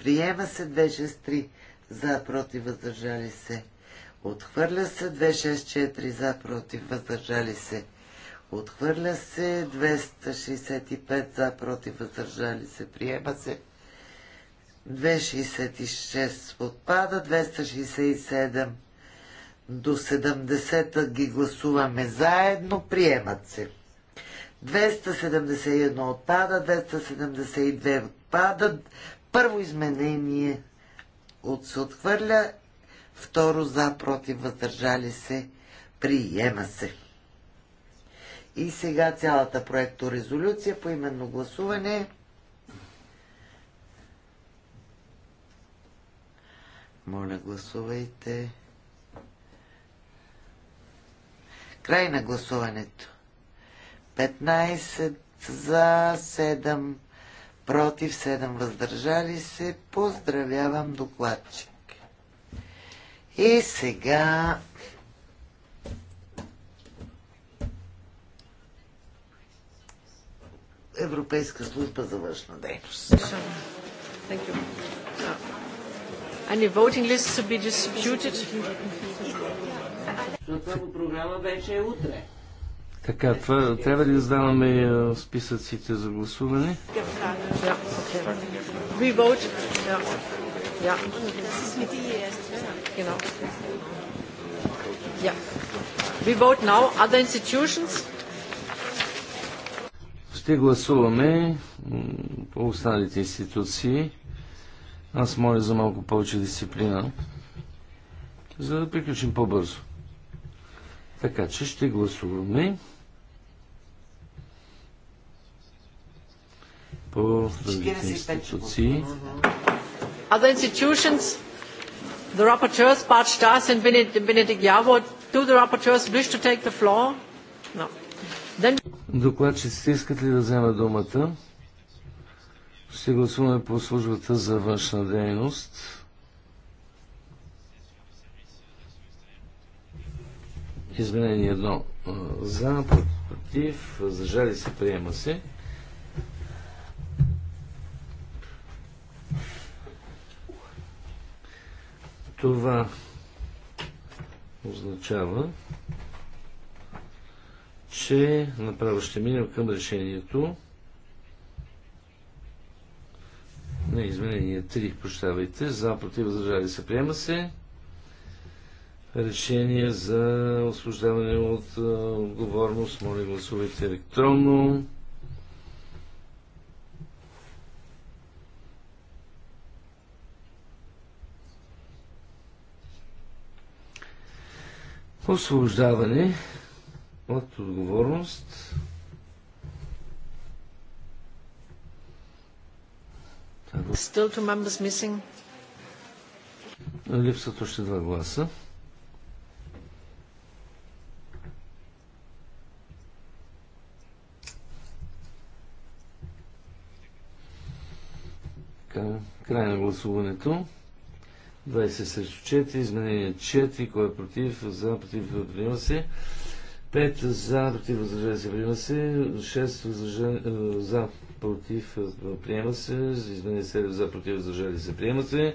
Приема се 263 за, против, въздържали се. Отхвърля се 264 за, против, въздържали се. Отхвърля се 265 за, против, въздържали се. Приема се 266 отпада, 267 до 70 ги гласуваме заедно, приемат се. 271 отпада, 272 отпада. Първо изменение от се отхвърля, второ за, против, въздържали се, приема се. И сега цялата проекторезолюция по именно гласуване. Моля, гласувайте. Край на гласуването. 15 за 7 против 7 въздържали се. Поздравявам докладчик. И сега Европейска служба за външна дейност. Any voting lists to be distributed? Програма вече е утре. Така, това, трябва ли да задаваме списъците за гласуване? Ще гласуваме по останалите институции. Аз моля за малко повече дисциплина, за да приключим по-бързо. Така че ще гласуваме. по различни институции. Other institutions, the rapporteurs, Bart Stas and Benedict Javo, do the rapporteurs wish to take the floor? No. Then... Докладчиците искат ли да вземат думата? Ще гласуваме по службата за външна дейност. Извинение едно за, против, зажали се, приема се. Това означава, че направо ще минем към решението на изменение 3, прощавайте, за против възражали се, приема се решение за освобождаване от отговорност. Моля, гласувайте електронно. Освобождаване от отговорност. Still two members missing. Липсват още два гласа. Край на гласуването. 20 срещу 4, изменение 4, кой е против, за, против, приема се. 5 за, против, въздържали се, приема се. 6 е, за, против, приема се. Изменение 7 за, против, въздържали се, приема се.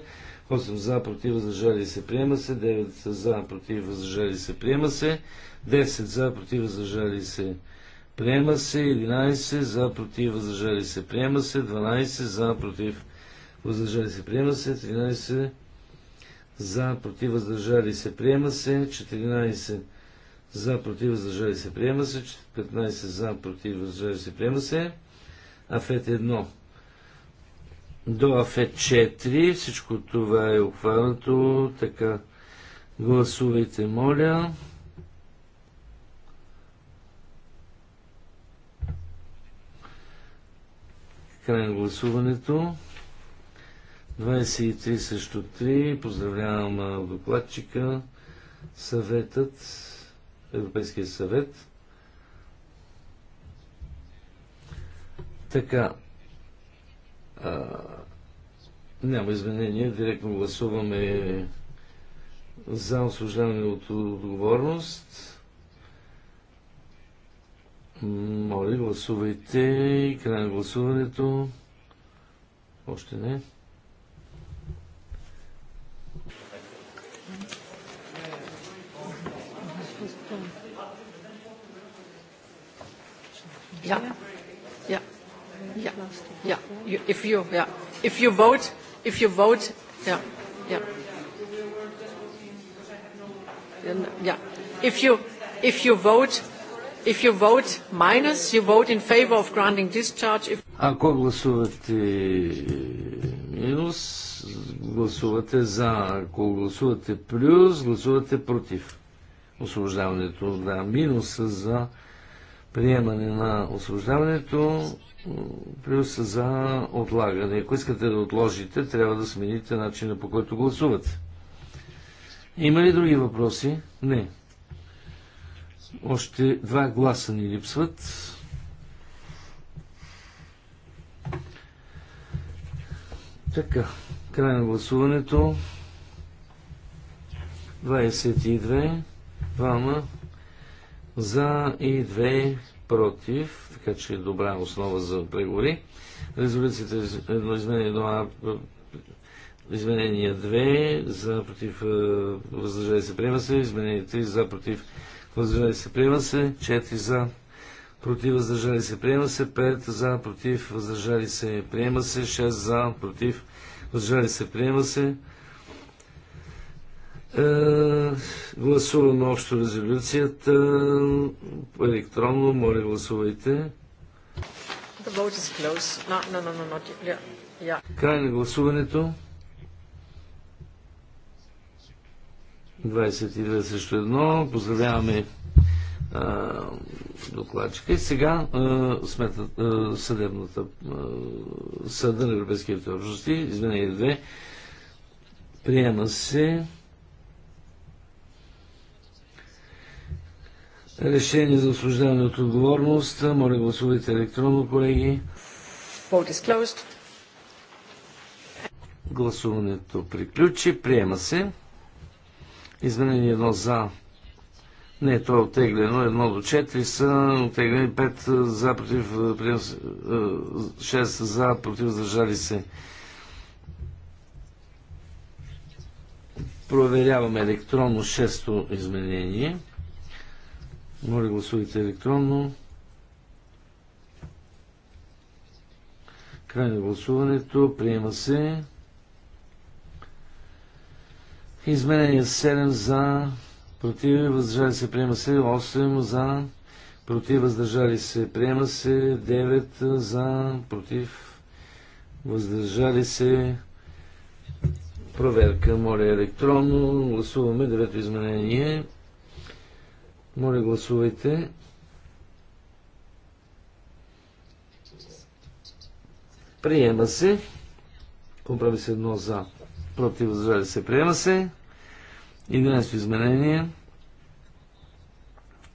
8 за, против, въздържали се, приема се. 9 за, против, въздържали се, приема се. 10 за, против, въздържали се, приема се. 11 за, против, въздържали се, приема се. 12 за, против, въздържали се, приема се. 13 за, против, въздържали се, приема се. 14 за, против, въздържали се, приема се. 15 за, против, въздържали се, приема се. Афет 1 до Афет 4. Всичко това е обхванато. Така, гласувайте, моля. Край на гласуването. 23 също 3. Поздравявам докладчика. Съветът. Европейския съвет. Така. А, няма изменения. Директно гласуваме за освобождаване от отговорност. Моля, гласувайте. Край на гласуването. Още не. Yeah. Yeah. Yeah. Yeah. You, if you yeah. If you vote if you vote yeah. Yeah. Yeah. If you if you vote if you vote minus, you vote in favor of granting discharge. If... Ако гласувате минус, гласувате за. Ако гласувате плюс, гласувате против освобождаването. Да, минуса за приемане на освобождаването, плюс за отлагане. Ако искате да отложите, трябва да смените начина по който гласувате. Има ли други въпроси? Не. Още два гласа ни липсват. Така, край на гласуването. 22, двама, за и 2 против, така че добра основа за преговори. Резолюцията е едно изменение едно а Изменение 2 е, за против въздържали се приема се. Изменение 3 за против въздържали се приема се. 4 за против въздържали се приема се. 5 за против въздържали се приема се. 6 за против въздържали се приема се. Е, гласуваме общо резолюцията по електронно. Моля, гласувайте. Край на гласуването. 22 също едно. Поздравяваме докладчика. И сега а, смета, а, съдебната съда на Европейските общности, изменение 2, приема се Решение за освобождаване от отговорност. Моля гласувайте електронно, колеги. Гласуването приключи. Приема се. Изменение 1 за. Не, това е оттеглено. 1 до 4 са оттеглени. 5 за против. 6 за против. зажали се. Проверяваме електронно 6 изменение. Моля, гласувайте електронно. Край на гласуването. Приема се. Изменение 7 за, против, въздържали се, приема се. 8 за, против, въздържали се, приема се. 9 за, против, въздържали се. Проверка, моля, електронно. Гласуваме девето изменение. Моля, гласувайте. Приема се. се едно за. Против въздържали се. Приема се. 11 изменение.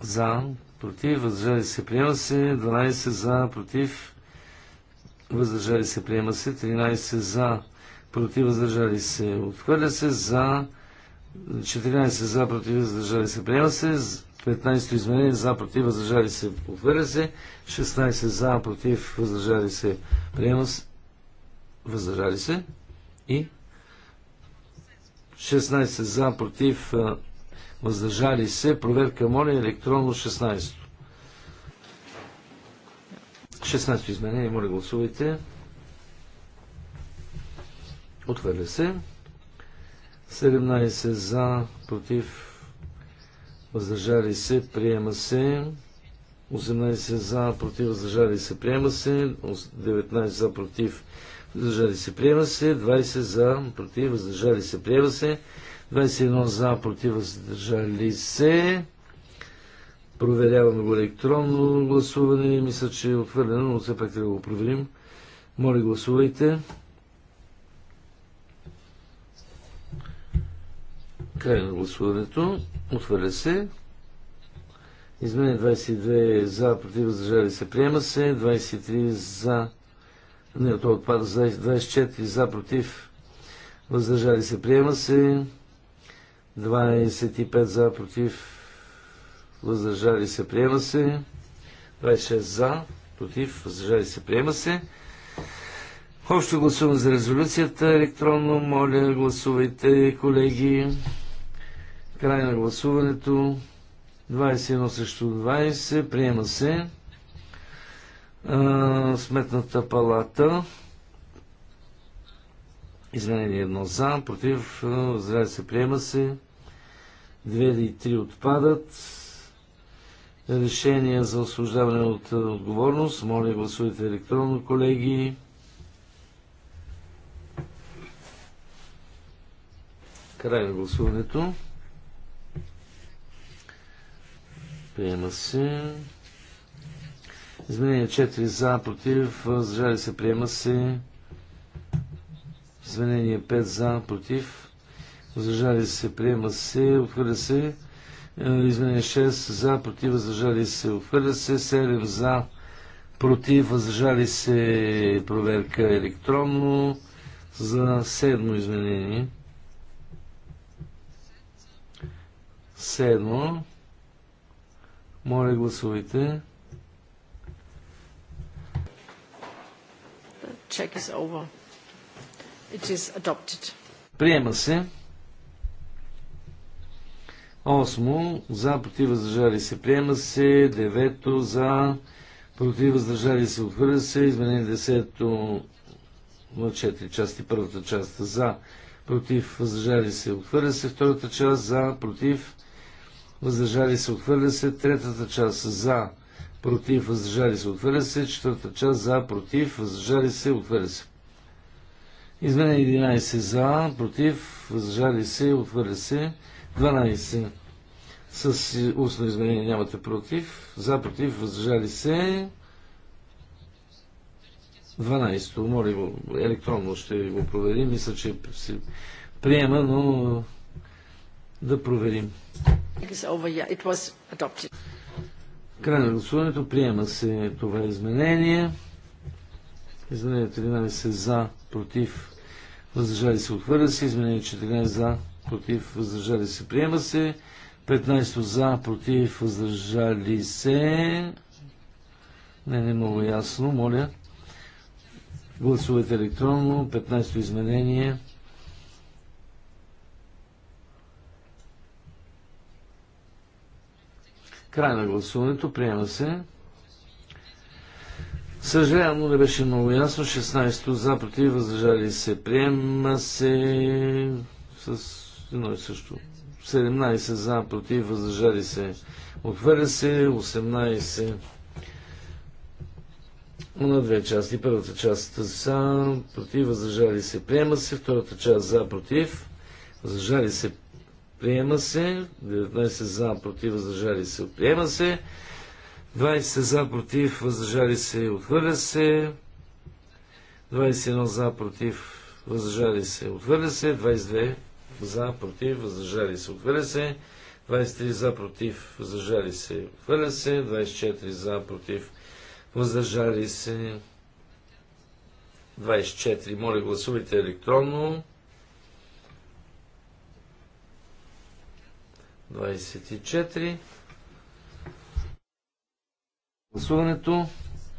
За. Против. Въздържали се. Приема се. 12 за. Против. Въздържали се. Приема се. 13 за. Против. Въздържали се. Отхвърля се. За. 14 за. Против. Въздържали се. Приема се. 15 изменение за, против, въздържали се, отхвърля се. 16 за, против, въздържали се, приема се. Въздържали се. И 16 за, против, въздържали се. Проверка, моля, електронно 16. 16 изменение, моля гласувайте. Отвърля се. 17 за, против, въздържали се, приема се. 18 за, против, въздържали се, приема се. 19 за, против, въздържали се, приема се. 20 за, против, въздържали се, приема се. 21 за, против, въздържали се. Проверяваме го електронно гласуване. Мисля, че е отхвърлено, но все пак трябва да го проверим. Моля, гласувайте. Край на гласуването. Отваря се. Измене 22 за, против, въздържали се. Приема се. 23 за. Не, то отпада. 24 за, против, въздържали се. Приема се. 25 за, против, въздържали се. Приема се. 26 за, против, въздържали се. Приема се. Общо гласуваме за резолюцията електронно. Моля, гласувайте, колеги. Край на гласуването. 21 срещу 20. Приема се. А, сметната палата. Изменение едно за, против, здраве се, приема се. 2 и 3 отпадат. Решение за освобождаване от отговорност. Моля, гласувайте електронно, колеги. Край на гласуването. Приема се. Изменение 4 за, против, въздържали се, приема се. Изменение 5 за, против, въздържали се, приема се, отхвърля се. Е, изменение 6 за, против, въздържали се, отхвърля се. 7 за, против, въздържали се, проверка електронно за седмо изменение. Седмо. Моля, гласувайте. check is over. It is adopted. Приема се. Осмо. За, против, въздържали се. Приема се. Девето. За, против, въздържали се. Отхвърля се. Изменение десето на четири части. Първата част за, против, въздържали се. Отхвърля се. Втората част за, против, въздържали се, отхвърля се. Третата част за, против, въздържали се, отхвърля се. Четвъртата част за, против, въздържали се, отхвърля се. Изменение 11 за, против, въздържали се, отхвърля се. 12 с устно изменение нямате против. За, против, въздържали се. 12-то, моля го, електронно ще го проверим. Мисля, че се приема, но да проверим. Край на гласуването приема се това изменение. Изменение 13 за, против, въздържали се, отхвърля се. Изменение 14 за, против, въздържали се, приема се. 15 за, против, въздържали се. Не, не е много ясно, моля. Гласувайте електронно. 15 изменение. Край на гласуването. Приема се. Съжалявам, но не беше много ясно. 16 за, против, въздържали се. Приема се с едно и също. 17 за, против, въздържали се. Отхвърля се. 18 на две части. Първата част за, против, въздържали се. Приема се. Втората част за, против, въздържали се. Приема се. 19 за, против, въздържали се. Приема се. 20 за, против, въздържали се. Отхвърля се. 21 за, против, въздържали се. Отхвърля се. 22 за, против, въздържали се. Отхвърля се. 23 за, против, въздържали се. Отхвърля се. 24 за, против, въздържали се. 24. Моля, гласувайте електронно. 24. Гласуването.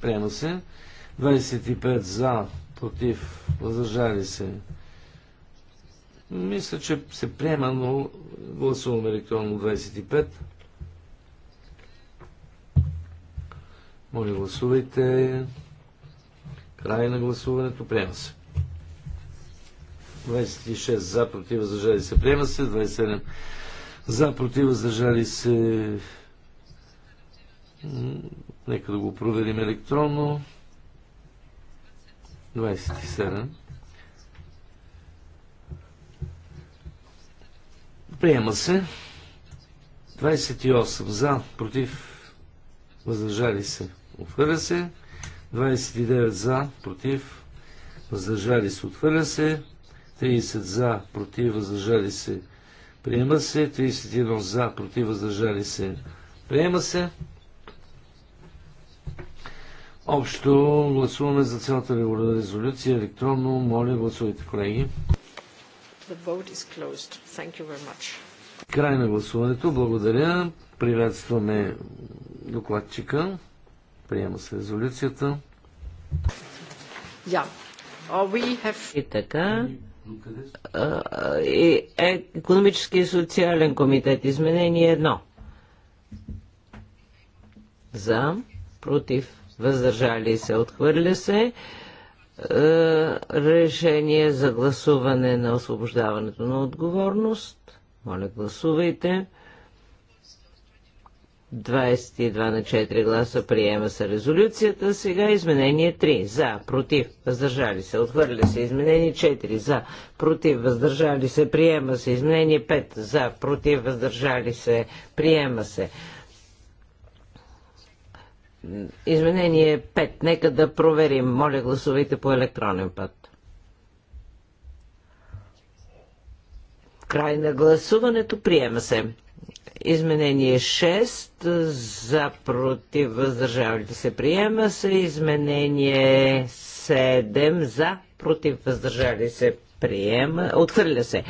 Приема се. 25 за, против, въздържали се. Мисля, че се приема, но гласуваме електронно 25. Моля, гласувайте. Край на гласуването. Приема се. 26 за, против, въздържали се. Приема се. 27 за, против, въздържали се. Нека да го проверим електронно. 27. Приема се. 28 за, против, въздържали се. Отхвърля се. 29 за, против, въздържали се. Отхвърля се. 30 за, против, въздържали се. Приема се. 31 за, против, въздържали се. Приема се. Общо гласуваме за цялата резолюция електронно. Моля, гласувайте, колеги. Край на гласуването. Благодаря. Приветстваме докладчика. Приема се резолюцията. Yeah. Have... И така, е, е, економически и социален комитет. Изменение едно. За, против, въздържали се, отхвърля се. Е, решение за гласуване на освобождаването на отговорност. Моля, гласувайте. 22 на 4 гласа приема се резолюцията. Сега изменение 3. За, против, въздържали се. Отхвърля се. Изменение 4. За, против, въздържали се. Приема се. Изменение 5. За, против, въздържали се. Приема се. Изменение 5. Нека да проверим. Моля, гласувайте по електронен път. Край на гласуването. Приема се. Изменение 6 за против въздържалите се приема се. Изменение 7 за против въздържали се приема, отхвърля се.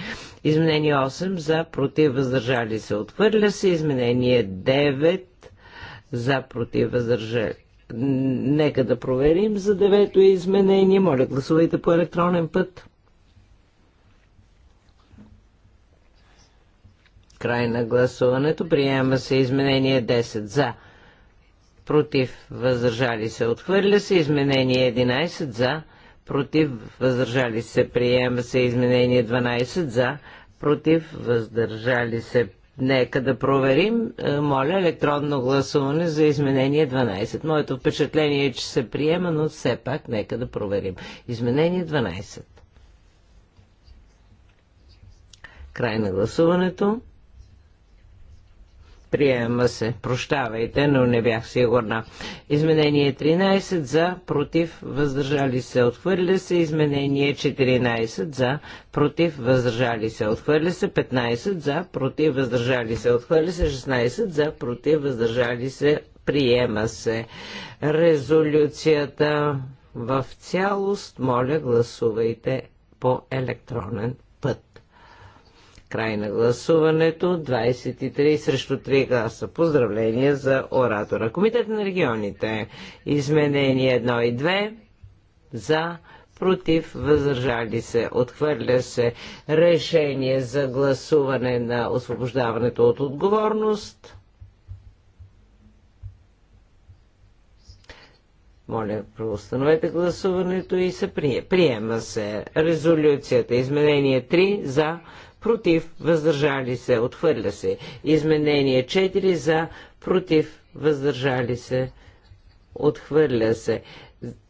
Изменение 8 за против въздържали се отхвърля се. Изменение 9 за против въздържали. Нека да проверим за девето изменение. Моля, гласувайте по електронен път. Край на гласуването. Приема се изменение 10 за. Против. Въздържали се. Отхвърля се изменение 11 за. Против. Въздържали се. Приема се изменение 12 за. Против. Въздържали се. Нека да проверим. Е, моля, електронно гласуване за изменение 12. Моето впечатление е, че се приема, но все пак нека да проверим. Изменение 12. Край на гласуването. Приема се. Прощавайте, но не бях сигурна. Изменение 13 за, против, въздържали се, отхвърля се. Изменение 14 за, против, въздържали се, отхвърля се. 15 за, против, въздържали се, отхвърля се. 16 за, против, въздържали се, приема се. Резолюцията в цялост, моля, гласувайте по електронен Край на гласуването. 23 срещу 3 гласа. Поздравления за оратора. Комитет на регионите. Изменение 1 и 2 за против, въздържали се, отхвърля се решение за гласуване на освобождаването от отговорност. Моля, проустановете гласуването и се прие. приема се резолюцията. Изменение 3 за против, въздържали се, отхвърля се. Изменение 4 за, против, въздържали се, отхвърля се.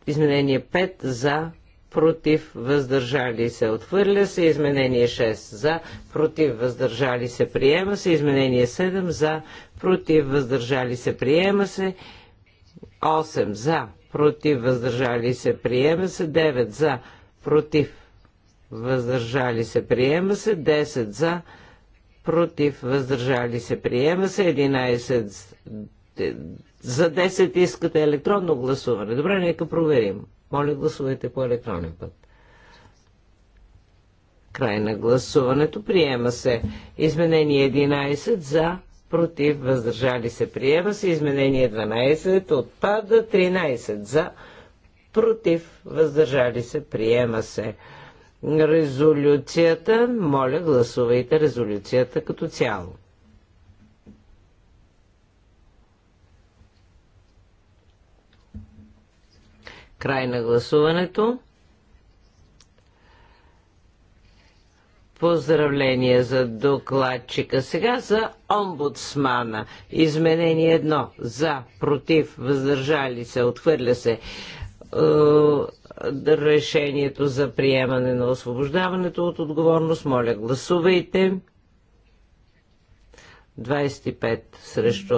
Изменение 5 за, против, въздържали се, отхвърля се. Изменение 6 за, против, въздържали се, приема се. Изменение 7 за, против, въздържали се, приема се. 8 за, против, въздържали се, приема се. 9 за, против, въздържали се, приема се, 10 за, против, въздържали се, приема се, 11 за 10 искате електронно гласуване. Добре, нека проверим. Моля, гласувайте по електронен път. Край на гласуването. Приема се. Изменение 11 за, против, въздържали се. Приема се. Изменение 12 отпада. 13 за, против, въздържали се. Приема се резолюцията. Моля, гласувайте резолюцията като цяло. Край на гласуването. Поздравления за докладчика. Сега за омбудсмана. Изменение едно. За, против, въздържали се, отхвърля се. Е, решението за приемане на освобождаването от отговорност. Моля, гласувайте. 25 срещу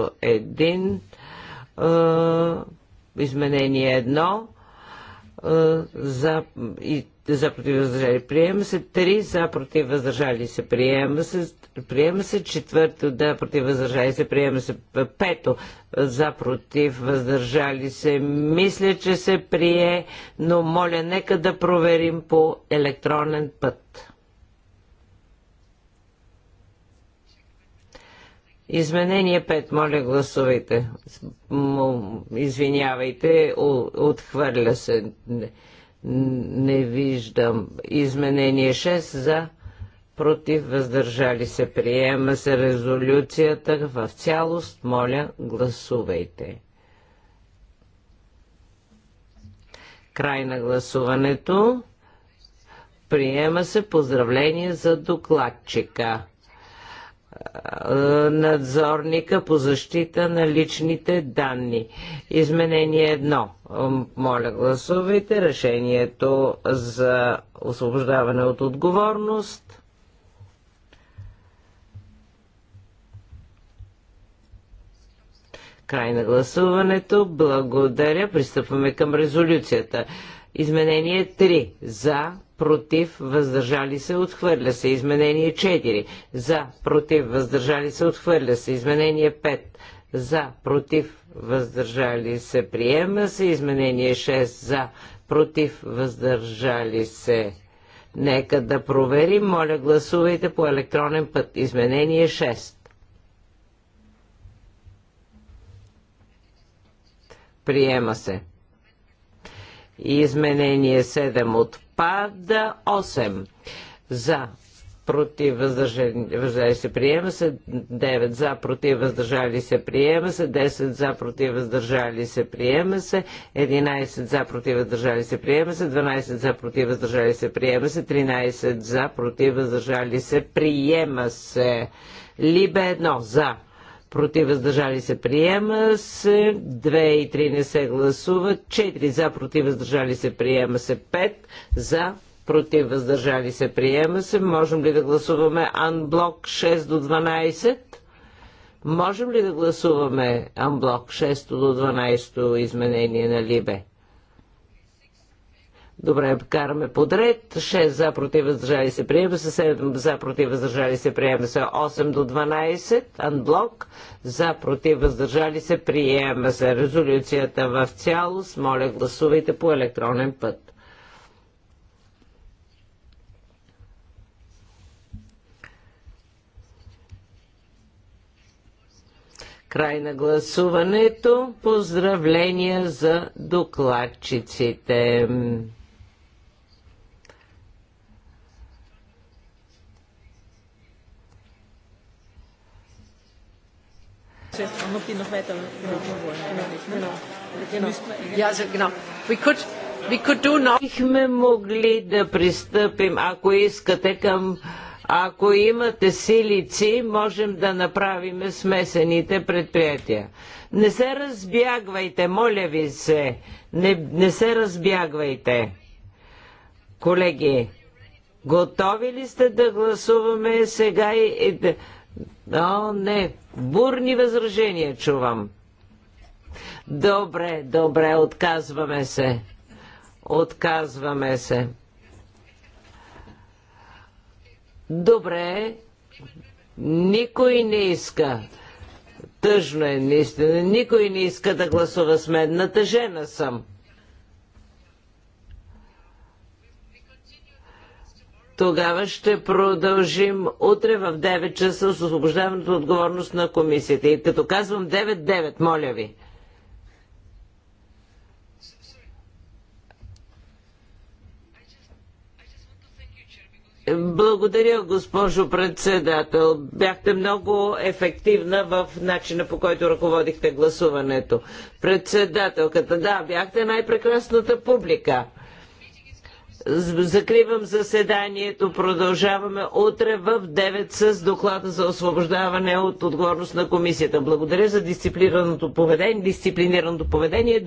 1. Изменение 1 за, и, за против въздържали приема се, 3 за против въздържали се приема се, приема се. Четвърто, да, против, въздържали се, приема се. Пето, за, против, въздържали се. Мисля, че се прие, но моля, нека да проверим по електронен път. Изменение 5, моля гласувайте. Извинявайте, отхвърля се. Не, не виждам. Изменение 6 за против, въздържали се, приема се резолюцията в цялост. Моля, гласувайте. Край на гласуването. Приема се поздравление за докладчика. Надзорника по защита на личните данни. Изменение едно. Моля, гласувайте решението за освобождаване от отговорност. Край на гласуването. Благодаря. Пристъпваме към резолюцията. Изменение 3. За, против, въздържали се, отхвърля се. Изменение 4. За, против, въздържали се, отхвърля се. Изменение 5. За, против, въздържали се, приема се. Изменение 6. За, против, въздържали се. Нека да проверим. Моля, гласувайте по електронен път. Изменение 6. Приема се. Изменение 7 отпада. 8 за против въздържали се приема се, 9 за против въздържали се приема се, 10 за против въздържали се приема се, 11 за против въздържали се приема се, 12 за против въздържали се приема се, 13 за против въздържали се приема се. Либе 1 за против въздържали се приема се, 2 и 3 не се гласуват, 4 за против въздържали се приема се, 5 за против въздържали се приема се. Можем ли да гласуваме анблок 6 до 12? Можем ли да гласуваме анблок 6 до 12 изменение на Либе? Добре, караме подред. 6 за против въздържали се приема се, 7 за против въздържали се приема се, 8 до 12, анблок, за против въздържали се приема се. Резолюцията в цялост, моля гласувайте по електронен път. Край на гласуването. Поздравления за докладчиците. Ja, genau. We could, we could do now. Бихме могли да пристъпим, ако искате, към ако имате силици, можем да направим смесените предприятия. Не се разбягвайте, моля ви се. Не, не се разбягвайте. Колеги, готови ли сте да гласуваме сега и... О, не. Бурни възражения чувам. Добре, добре, отказваме се. Отказваме се. Добре, никой не иска. Тъжно е, наистина. Никой не иска да гласува с мен. Натъжена съм. Тогава ще продължим утре в 9 часа с освобождаването отговорност на комисията. И като казвам 9-9, моля ви. Благодаря, госпожо председател. Бяхте много ефективна в начина по който ръководихте гласуването. Председателката, да, бяхте най-прекрасната публика. Закривам заседанието. Продължаваме утре в 9 с доклада за освобождаване от отговорност на комисията. Благодаря за дисциплинираното поведение. Дисциплинираното поведение.